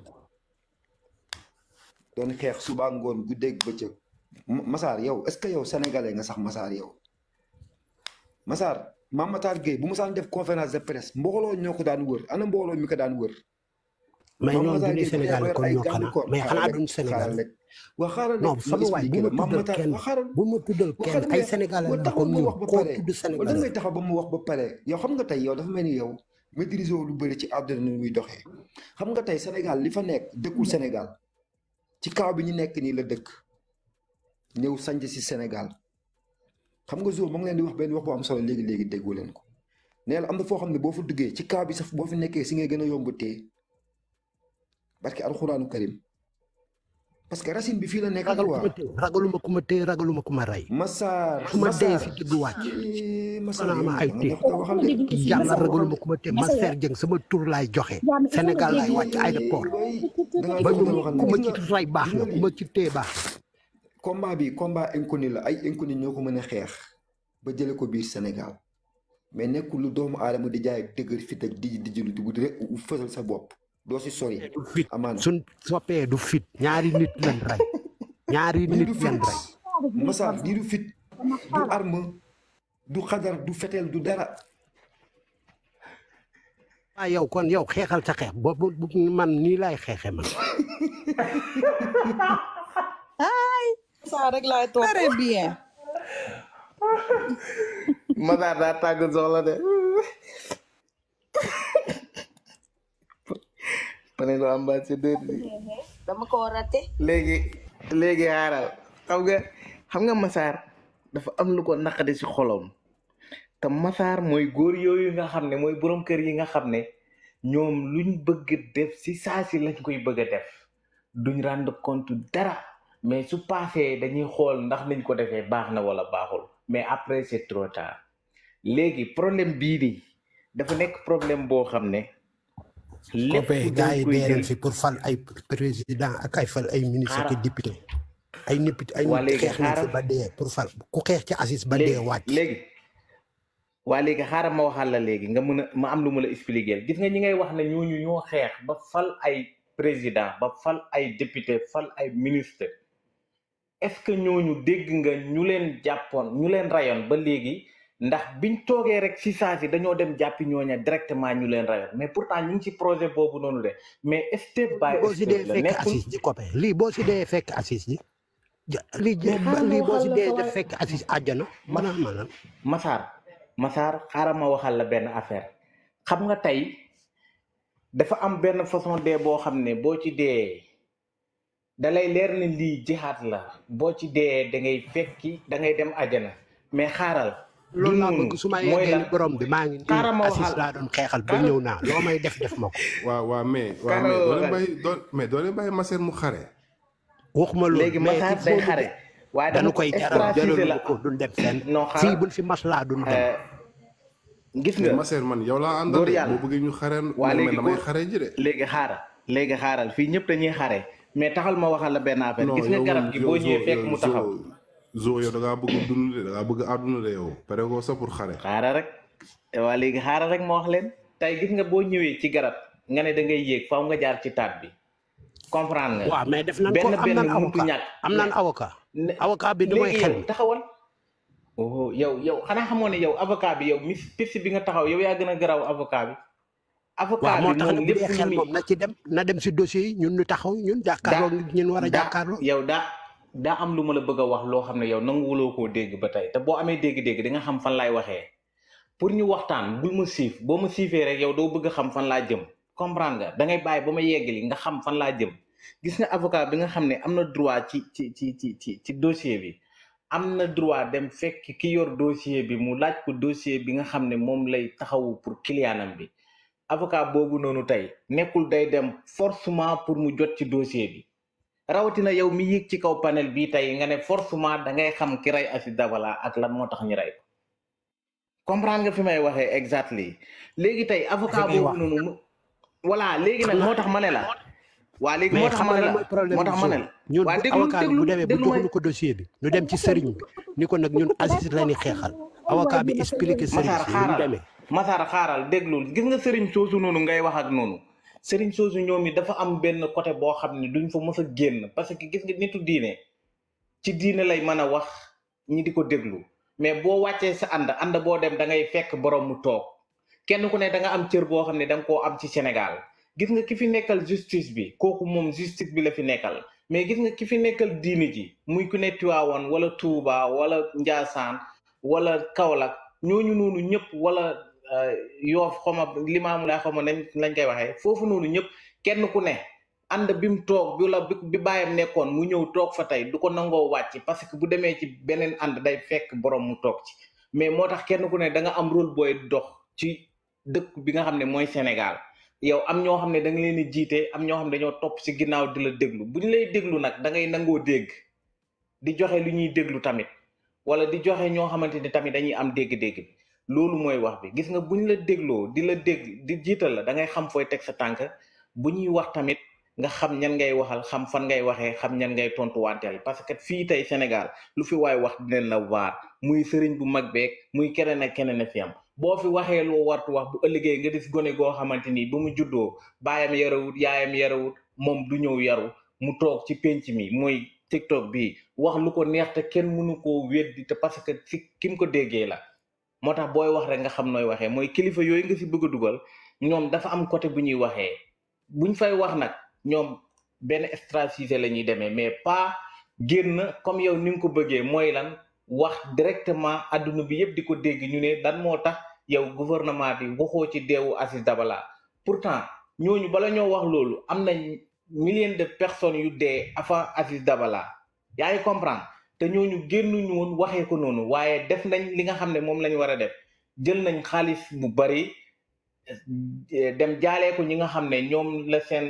Speaker 2: doon xeex suba ngoon guddeeg bëccëg masaar yow est-ce que yow sénégalais nga sax Massar yow Massar Mame Matar Gueye bu Massar def conférence de presse mbooloo ñoo ko daan wër ana mbooloo mi ko daan wër. mais ñoom duñu Sénégal kon ñoo xanaa mais xanaa duñu Sénégal rek. waa xaaral non sama waay bu ma tuddal kenn
Speaker 6: bu ma tuddal kenn ay sénégalais la comme ñoom
Speaker 2: ba mu wax ba pare yow xam nga tey yow dafa mel ni yow. maîtriser wu lu bëri ci àdduna ni muy doxee xam nga tey Sénégal li fa nekk dëkkul Sénégal ci kaaw bi ñu nekk nii la dëkk ñëw sanc si Sénégal xam nga zo ma ngi leen di wax benn wax bu am solo léegi léegi déggu leen ko nee am na foo xam ne boo fa duggee ci kaw bi sax boo fi nekkee si ngay gën a yomb tee barki alxuraanu karim parce que racine bi fi la nekk wa ragaluma
Speaker 6: ku ma ragaluma ku ma
Speaker 2: rey. Massar
Speaker 6: ku ma dee si dëgg wàcc. Massar ma ay téye yàlla ragaluma ku ma fer
Speaker 2: jeng sama tur lay joxe Sénégal laay wàcc aéroport ba du ku ma ci rey bax na kuma ci téye bax combat bi combat inconnu la ay inconnu ñoko ko xex ba jële ko biir senegal mais nekkul lu doomu adamu di jaay dëgër fi tak di di rek u fësal sa bop doo si sori. du fit amaana suñ du fit ñaari nit lañ ray ñaari nit lañ rey. Massa di du fit du arme du khadar du fetel du dara.
Speaker 6: waaw ah, yow kon yow xeexal ta xeex bo man ni lay xeexe man.
Speaker 1: ay. sa rek lay to très bien.
Speaker 5: Massa daa tagu zola de. ma ne la ambassadeur bi
Speaker 3: mm-hmm. dama ko rate
Speaker 5: léegi léegi xaaral xam nga xam dafa am lu ko naqadi si xolom te Massar mooy góor yooyu nga xam ne mooy borom kër yi nga xam ne ñoom luñ bëgg def si saa si lañ koy bëgg def duñ rendre compte dara mais su paasee dañuy xool ndax niñ ko defee baax na wala baaxul mais après c'est trop léegi problème bii nii dafa nekk problème boo xam ne lépp koy gars yi dee leen fi
Speaker 6: pour fal ay président ak ay fal ay ministre ak député ay népit ay nit xeex nañ fi ba dee pour fal ku xeex ci Aziz ba dee wàcc
Speaker 5: léegi waa léegi xaaral ma waxal la léegi nga mën a ma am lu ma la expliquer gis nga ñi ngay wax ne ñooñu ñoo xeex ba fal ay président ba fal ay député fal ay ministre est-ce que ñooñu dégg nga ñu leen jàppoon ñu leen rayoon ba léegi ndax biñ toogee rek si saa si dañoo dem jàppi ñooña directement ñu leen rawet mais pourtant ñu ngi ci projet boobu noonu de mais step by step la nekkul
Speaker 6: lii boo si dee fekk assise ji lii lii boo si dee fekk
Speaker 5: assise àjjana maanaam maanaam Massar Massar ma waxal la benn affaire xam nga tey dafa am benn façon dee boo xam ne boo ci dee dalay leer ne lii jihaat la boo ci dee da ngay fekki da ngay dem àjjana mais xaaral loolu laa mm. bëgg su ma yeggee
Speaker 6: borom bi maa ngi nii assis laa doon xeexal ba ñëw naa loo may def def ma ko.
Speaker 5: (laughs) waaw waaw mais. waaw doo leen bàyyi doo mu
Speaker 6: xare. waxuma loolu léegi Massar day xare. waaye koy jaral jëloon ko duñ dem fenn. non xaaral eh, nga Massar man yow laa àndal
Speaker 5: boo bëggee ñu xareel. waa léegi damay xare ji de. léegi xaaral léegi xaaral fii ñëpp dañuy xare mais taxal ma waxal la benn affaire gis nga garab gi boo ñëwee fekk mu taxaw zoo yow da ngaa bëgg a de da a àdduna de pare koo sa pour xare. xaaral rek waa léegi xaaral rek ma wax leen tey gis nga boo ñëwee ci garab nga ne da ngay yéeg nga jaar ci taat bi comprendre nga. waaw mais def nañ ko am nañ avocat am nañ
Speaker 6: avocat. avocat bi du mooy xel léegi
Speaker 5: taxawal. oh yow xamoo ne yow avocat bi yow mi bi nga taxaw yow yaa gën a garaaw avocat bi. avocat bi moom lépp xel moom na
Speaker 6: ci dem na dem si dossier yi ñun ñu taxaw ñun. jàkkaarloo ñun a jàkkaarloo
Speaker 5: yow daa. daa am lu ma la bëgg a wax loo xam ne yow nanguwuloo ko dégg ba tey te boo amee dégg-dégg di nga xam fan laay waxee pour ñu waxtaan bul ma siif boo ma siifee rek yow doo bëgg a xam fan laa jëm comprendre da ngay bàyyi ba ma yeggali nga xam fan laa jëm gis nga avocat bi nga xam ne am na droit ci ci ci ci ci ci dossier bi am na droit dem fekk ki yor dossier bi mu laaj ko dossier bi nga xam ne moom lay taxawu pour clientam bi avocat boobu noonu tey nekkul day dem forcément pour mu jot ci dossier bi rawatina yow mi yéeg ci kaw panel bii tey nga ne forcement da ngay xam ki rey Aziz Dabala ak lan moo tax ñu rey ko nga fi may waxee exactly léegi tey avocat boobu noonu voilà léegi nag tax ma ne la waa léegi moo tax ma ne la moo ma ne la ñun avocat bi bu demee bu joxuñu
Speaker 6: ko dossier bi ñu dem ci sëriñ bi ni ko nag ñun Aziz la ni xeexal avocat bi expliqué sëriñ bi
Speaker 5: masar xaaral déglul gis nga sëriñ soosu noonu ngay waxaat ak noonu sëriñ soosu ñoom yi dafa am benn côté boo xam ne duñ fa mos a génn parce que gis nga nitu diine ci diine lay mën a wax ñi di ko déglu mais boo wàccee sa ànd ànd boo dem da ngay fekk borom mu toog kenn ku ne da nga am cër boo xam ne da nga koo am ci Sénégal gis nga ki fi nekkal justice bi kooku moom justice bi la fi nekkal mais gis nga ki fi nekkal diine ji muy ku ne Tiwaawan wala Touba wala Njaasaan wala Kaolack ñooñu noonu ñëpp wala Euh, yoof xoma limaamu laa xoma nañ lañ koy waxee foofu noonu ñëpp kenn ku ne ànd bi mu toog bi la bi bàyyam nekkoon mu ñëw toog fa tey du ko nangoo wàcc parce que bu demee ci beneen ànd day fekk borom mu toog ci mais moo tax kenn ku ne danga am rôle booy dox ci dëkk bi nga xam ne mooy Sénégal yow am ñoo xam ne danga leen di jiite am ñoo xam ne dañoo topp ci ginnaaw di la déglu bu ñu lay déglu nag da ngay nangoo dégg di joxe lu ñuy déglu tamit wala di joxe ñoo xamante ni tamit dañuy am dégg-dégg loolu mooy wax bi gis nga bu ñu la dégloo di la dégg di jiital la da ngay xam fooy teg sa tànk bu ñuy wax tamit nga xam ñan ngay waxal xam fan ngay waxee xam ñan ngay tontuwanteel parce que fii tey Sénégal lu fi waaye wax dinañ la waar muy sëriñ bu mag beeg muy keneen ak keneen a fi boo fi waxee loo wartu wax bu ëllëgee nga dis gone goo xamante ni ba mu juddoo baayam yarawut yaayam yarawut moom du ñëw yaru mu toog ci penc mi mooy TikTok bi wax lu ko neex te kenn mënu koo weddi te parce que ci ki mu ko déggee la moo tax booy wax rek nga xam nooy waxee mooy kilifa yooyu nga si bëgg dugal ñoom dafa am côté bu ñuy waxee buñ fay wax nag ñoom benn stratégie la ñuy demee mais pas génn comme yow ni nga ko bëggee mooy lan wax directement adduna bi yëpp di ko dégg ñu ne dan moo tax yow gouvernement bi waxoo ci deewu Aziz Dabala pourtant ñooñu bala ñoo wax loolu am na millions de personnes yu dee afa Aziz Dabala yaa ngi comprendre te ñooñu génnuñu woon waxee ko noonu waaye def nañ li nga xam ne moom la ñu war a def jël nañ xaalis bu bari dem jaalee ko ñi nga xam ne ñoom la seen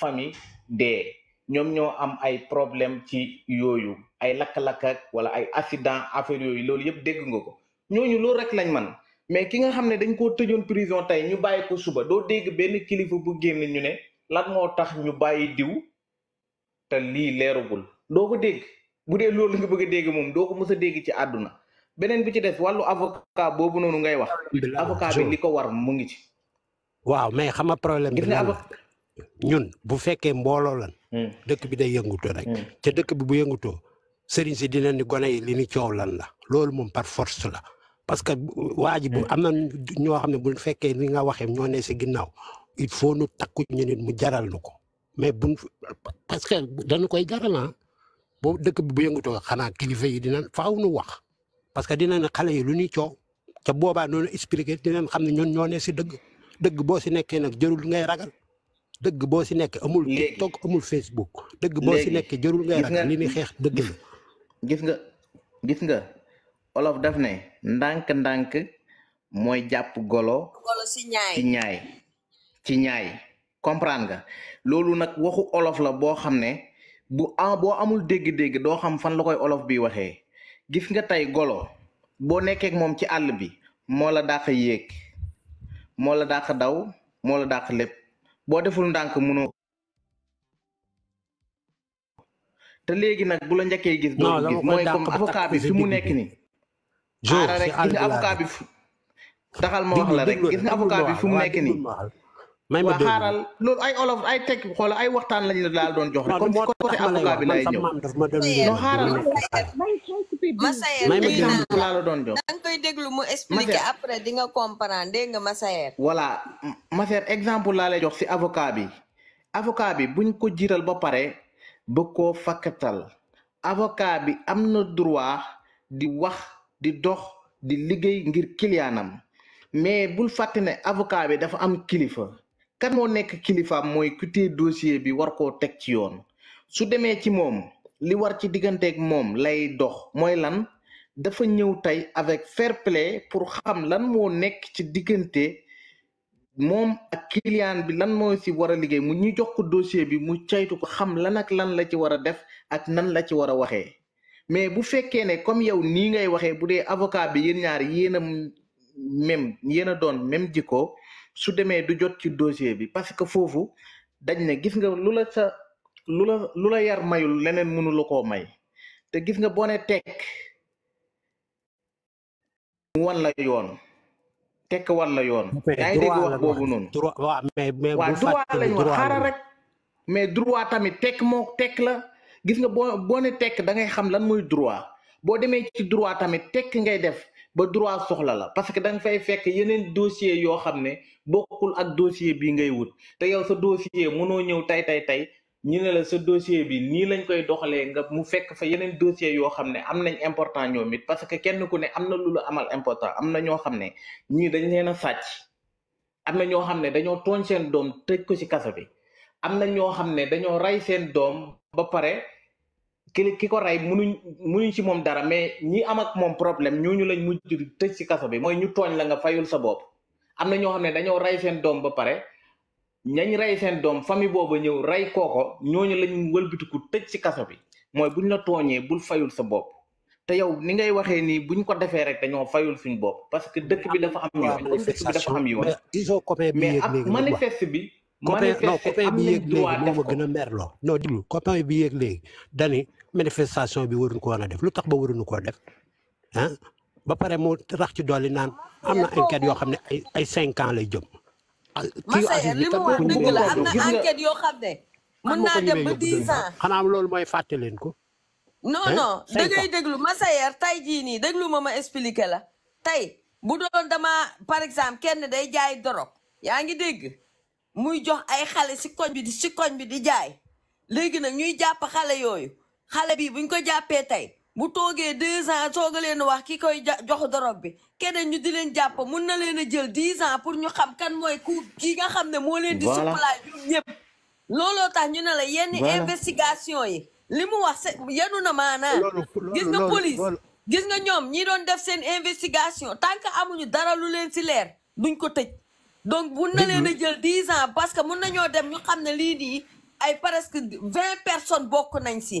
Speaker 5: famille dee ñoom ñoo am ay problème ci yooyu ay lakk-lakk wala ay accident affaire yooyu loolu yëpp dégg nga ko ñooñu loolu rek lañ man mais ki nga xam ne dañ koo tëjoon prison tey ñu bàyyi ko suba doo dégg benn kilifa bu génn ñu ne lan moo tax ñu bàyyi diw te lii leerugul doo ko dégg bu dee loolu nga bëgg dégg moom doo ko mës dégg ci àdduna beneen bi ci des wàllu avocat boobu noonu ngay wax. avocat bi li ko war mu ngi ci.
Speaker 6: waaw mais xam nga problème bi ñun bu fekkee mbooloo lan. Hmm. dëkk bi day yëngutu rek. Hmm. ca dëkk bi bu yëngutoo sëriñ si dina ni gone yi li ni coow lan la loolu moom par force la parce que waa ji hmm. am na ñoo xam ne bu fekkee ni nga waxee ñoo ne si ginnaaw il faut nu takku ñu nit mu jaral nu ko mais buñ parce que dañu koy jaral ah. boobu dëkk bi bu yëngatoo xanaa kilifa dina dinañ faaw nu wax parce que dinañ xale yi lu ñuy coow ca boobaa noonu expliqué dinañ xam ne ñun ñoo ne si dëgg dëgg boo si nekkee nag jërul ngay ragal dëgg boo si nekk amul TikTok amul Facebook dëgg boo si nekk jërul ngay ragal li ni xeex dëgg la gis nga gis nga
Speaker 5: olof daf ne ndànk-ndànk mooy jàpp golo ci ñaay ci ñaay ci ñaay comprendre nga loolu nag waxu olof la boo xam ne bu boo amul dégg-dégg doo xam fan la koy olof bi waxee gis nga tey golo boo nekkee moom ci àll bi moo la dàq yéeg moo la dàq daw moo la dàq lépp boo deful ndànk mënoo te léegi nag bu la njëkkee gis. non dama gis mooy comme avocat bi fi mu nekk nii. jour rek gis nga avocat bi fu. taxal ma wax la nekk nii. may ma déglu loolu ay olof ay teg xoola ay waxtaan lañ la daal doon jox rek. comme côté avocat bi lay ñëw non xaaral.
Speaker 3: Massaer may exemple laa la doon jox. da déglu mu expliquer di nga comprendre nga Massaer.
Speaker 5: voilà Massaer exemple laa lay jox si avocat bi avocat bi buñ ko jiital ba pare bëgg koo fakkatal avocat bi am na droit di wax di dox di liggéey ngir kiliyaanam mais bul fàtte ne avocat bi dafa am kilifa. kan moo nekk kilifaam mooy ku téye dossier bi war koo teg ci yoon su demee ci moom li war ci digganteeg moom lay dox mooy lan dafa ñëw tey avec fair play pour xam lan moo nekk ci diggante moom ak client bi lan moo si war a liggéey mu ñu jox ko dossier bi mu caytu ko xam lan ak lan la ci war a def ak nan la ci war a waxee mais bu fekkee ne comme yow nii ngay waxee bu dee avocat bi yéen ñaar yéen a même yéen a doon même jikko su demee du jot ci dossier bi parce que foofu dañ ne gis nga lu la sa lu la lu la yar mayul leneen mënu la koo may te gis nga boo ne tekk wan la yoon tekk wan la yoon. yaa ngi dégg wax boobu noonu. droit waaw mais mais bu fàttali rek mais droit tamit tekk moo tekk la gis nga boo boo ne tekk da ngay xam lan muy droit boo demee ci droit tamit tekk ngay def. ba droit soxla la parce que da fay fekk yeneen dossier yoo xam ne bokkul ak dossier bi ngay wut te yow sa dossier mënoo ñëw tey tey tey ñu ne la sa dossier bi nii lañ koy doxalee nga mu fekk fa yeneen dossier yoo xam ne am nañ important ñoom it parce que kenn ku ne am na lu la amal important am na ñoo xam ne ñii dañ leen a sàcc am na ñoo xam ne dañoo tooñ seen doom tëj ko ci kaso bi am na ñoo xam ne dañoo rey seen doom ba pare ki ki ko rey munuñ munuñ ci moom dara mais ñi am moom problème ñooñu lañ mujj tëj ci kaso bi mooy ñu tooñ la nga fayul sa bopp am na ñoo xam ne dañoo rey seen doom ba pare ñañ rey seen doom famille boobu ñëw rey kooko ñooñu lañ wëlbitiku tëj ci kaso bi mooy buñ la tooñee bul fayul sa bopp te yow ni ngay waxee nii buñ ko defee rek dañoo fayul suñ bopp parce que dëkk bi dafa am yoon dëkk bi dafa am yoon
Speaker 6: mais ak manifeste
Speaker 5: bi manifeste am nañ droit def ko
Speaker 6: non copain bi yéeg dani manifestation bi waruñ ko wara def lu tax ba waruñu ko def hein ba paré mo rax ci doli nan amna enquête yo xamné ay ay cinq ans lay jëm. kii Aziz bi tax ko ngi la amna enquête yo xamné kan mën na dem ba 10 ans am lool moy faté len ko.
Speaker 3: non non da ngay déglu Massayer tay ji ni déglu ma ma expliqué la tay bu doon dama par exemple kenn day jaay dorog yaangi ngi dégg muy jox ay xalé ci koñ bi ci koñ bi di jaay léegi nak ñuy japp xalé yoyu xale bi ñu ko jàppee tey bu toogee deux ans soog a leen wax ki koy jox dorog bi keneen ñu di leen jàpp mun na leen a jël dix ans pour ñu xam kan mooy ku ki nga xam ne moo leen di ñëpp looloo tax ñu ne la yenn investigation yi li mu wax yenu na maanaa gis gis nga ñoom ñi doon def seen investigation tant que amuñu dara lu leen ci leer duñ ko tëj donc mun na leen jël dix ans parce que mun nañoo dem ñu xam ne lii di ay presque vingt personnes bokk nañ si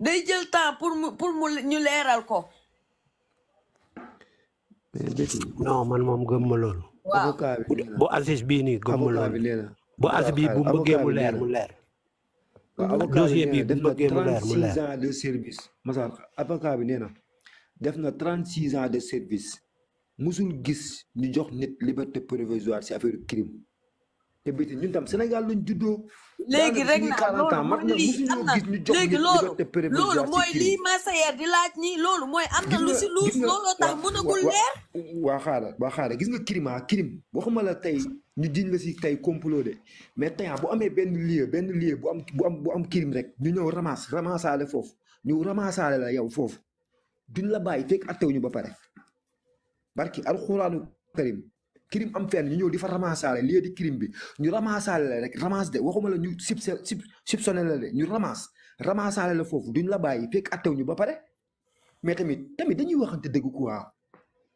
Speaker 3: day jël temps pour mu pour mu ñu leeral ko.
Speaker 6: non man moom gëm bu Aziz bii nii gëm ma loolu.
Speaker 2: bu Aziz bii bu bëggee mu leer mu leer. dossier bi bu bëggee mu leer mu de service. Massa avocat bi nee na def na 36 ans de service. musul gis ñu jox nit liberté provisoire ci affaire crime te biti ñun tam Sénégal lañ juddoo. léegi rek na loolu lii am na léegi loolu loolu mooy lii
Speaker 3: Massaër di laaj nii loolu mooy am na lu si luus looloo tax mënagul leer.
Speaker 2: waa xaaral waa xaaral gis nga crime ah, crime waxuma la tey ñu jiñ la si tey complot de mais tey ah, bu amee benn lieu benn lieu bu am bu am bu rek ñu ñëw ramas ramassaale foofu ñu ramassaale la yow foofu duñ la bàyyi fekk ñu ba pare barki alxuraanu karim crime am fenn ñu ñëw di fa ramassaale lieu di crime bi ñu ramassaale la rek ramasse de waxuma la ñu sib sib soupçonné la de ñu ramasse ramassaale la foofu duñ la bàyyi fekk attew ñu ba pare mais tamit tamit dañuy waxante dëgg quoi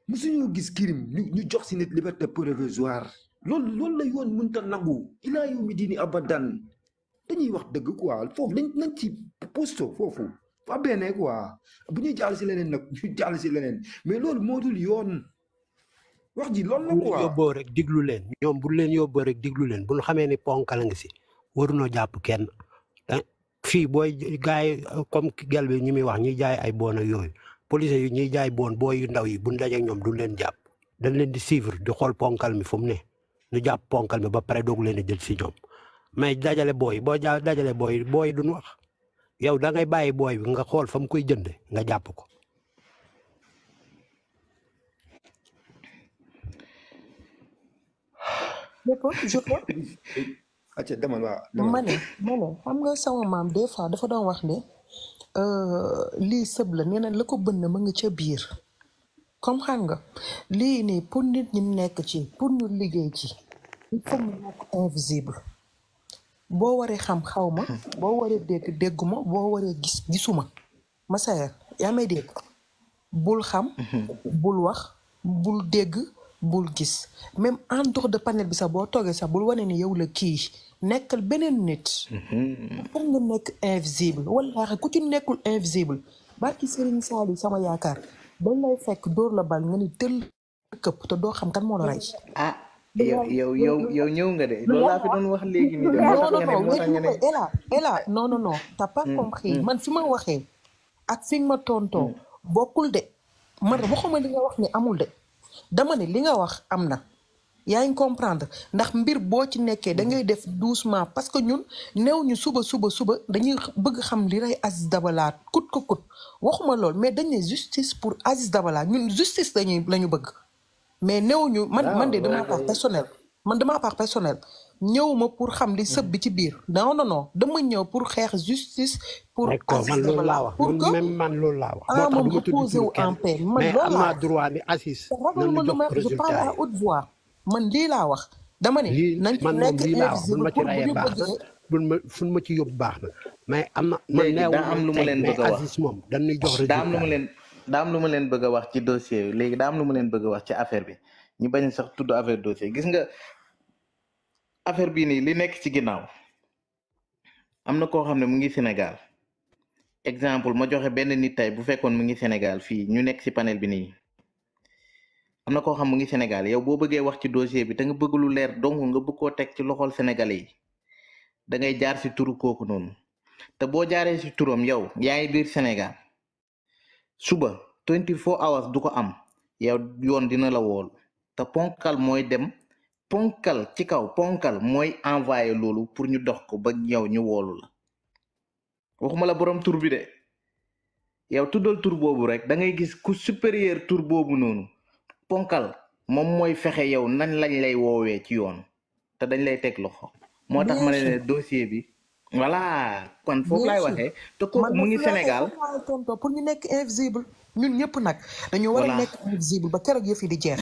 Speaker 2: musuñoo gis crime ñu ñu jox si nit liberté provisoire lool loolu la yoon mënta nangu ilaa yow mi diini abadan dañuy wax dëgg quoi foofu dañ nañ ci posto foofu fa benee quoi bu ñuy jàll si leneen nag ñu jàll si leneen mais loolu moo dul yoon wax ji loolu la rek
Speaker 6: diglu leen ñoom bu leen yóbboo rek diglu leen bu ñu xamee ne ponkal nga si waruñoo jàpp kenn eh, fii booy gars yi comme gel bi ñu muy wax ñuy jaay ay boon ak yooyu police yi ñuy jaay boon booy yu ndaw yi bu ñu dajeek ñoom du leen jàpp dañ leen di suivre di xool ponkal mi fu mu ne ñu jàpp ponkal mi ba pare doog leen di jël si ñoom mais dajale booy boo ja dajale booy booy duñ wax yow da ngay bàyyi booy bi nga xool fa mu koy jënd nga jàpp ko
Speaker 2: je peux je (laughs) xam
Speaker 1: nga sawa maam des fois dafa doon wax ne euh, lii sëb la nee na la ko bënn ma nga ca biir comme xam nga lii nii pour nit ñi nekk ci pour ñu liggéey ci il faut boo waree xam xaw ma hmm. boo waree dégg dégguma boo waree gis gisuma ma yaa may dégg bul xam hmm. bul wax bul dégg bul gis même en dehors de panel bi sax boo toogee sax bul wane ni yow la kii nekkal beneen nit. Mhm. pour nga nekk invisible wala ku ci nekkul invisible barki Serigne Saliou sama yaakaar dañ lay fekk dóor la bal nga ni tëll këpp te doo xam kan moo la rey. ah
Speaker 5: yow yow yow yow ñëw nga de loolu laa
Speaker 1: wax léegi nii de. non non non ela ela non man fi ma waxee ak fi nga ma tontoo mm. bokkul de man waxuma li nga wax ni amul de. dama ne li nga wax am na yaa ngi comprendre ndax mbir boo ci nekkee da ngay def doucement parce que ñun néew ñu suba suba suba dañuy bëgg xam li rey Aziz Dabala kut ko kut waxuma lool mais dañ ne justice pour Aziz Dabala ñun justice lañuy la ñu bëgg mais néew ñu man ah, man de dama part personnel man dama part personnel ñëwuma pour xam li sëb bi ci biir non non non dama ñëw pour xeex justice. pour Aziz pour que
Speaker 6: même man loolu laa wax. ah moom posé wu en paix man loolu laa wax mais am naa droit ni Aziz. je parle
Speaker 1: man lii laa wax. dama ne nañ ci nekk invisible pour bu ñu bëggee
Speaker 6: fu ma ci yóbbu baax na mais am na. man lu ma leen bëgg a wax daa am lu ma leen
Speaker 5: daa am lu ma leen bëgg wax ci dossier léegi daa am lu ma leen bëgg wax ci affaire bi ñu bañ sax tudd affaire dossier gis nga affaire bii nii li nekk ci ginnaaw am na koo xam ne mu ngi Sénégal exemple ma joxe benn nit tey bu fekkoon mu ngi Sénégal fii ñu nekk ci panel bi nii am na koo xam mu ngi Sénégal yow boo bëggee wax ci dossier bi te nga bëgg lu leer donc nga bëgg koo teg ci loxol Sénégalais yi dangay jaar ci turu kooku noonu te boo jaaree ci turam yow yaay biir Sénégal suba 24 hours du ko am yow yoon dina la wool te ponkal mooy dem. ponkal ci kaw ponkal mooy envoyé loolu pour ñu dox ko ba yow ñu woolu la waxuma la borom tour bi de yow tuddal tour boobu rek da ngay gis ku supérieur tour boobu noonu ponkal moom mooy fexe yow nan lañ lay woowee ci yoon te dañ lay teg loxo moo tax ma ne dossier bi voilà kon foofu laay mu ngi Sénégal
Speaker 1: pour ñu nekk invisible a ba keroog yëf yi di jeex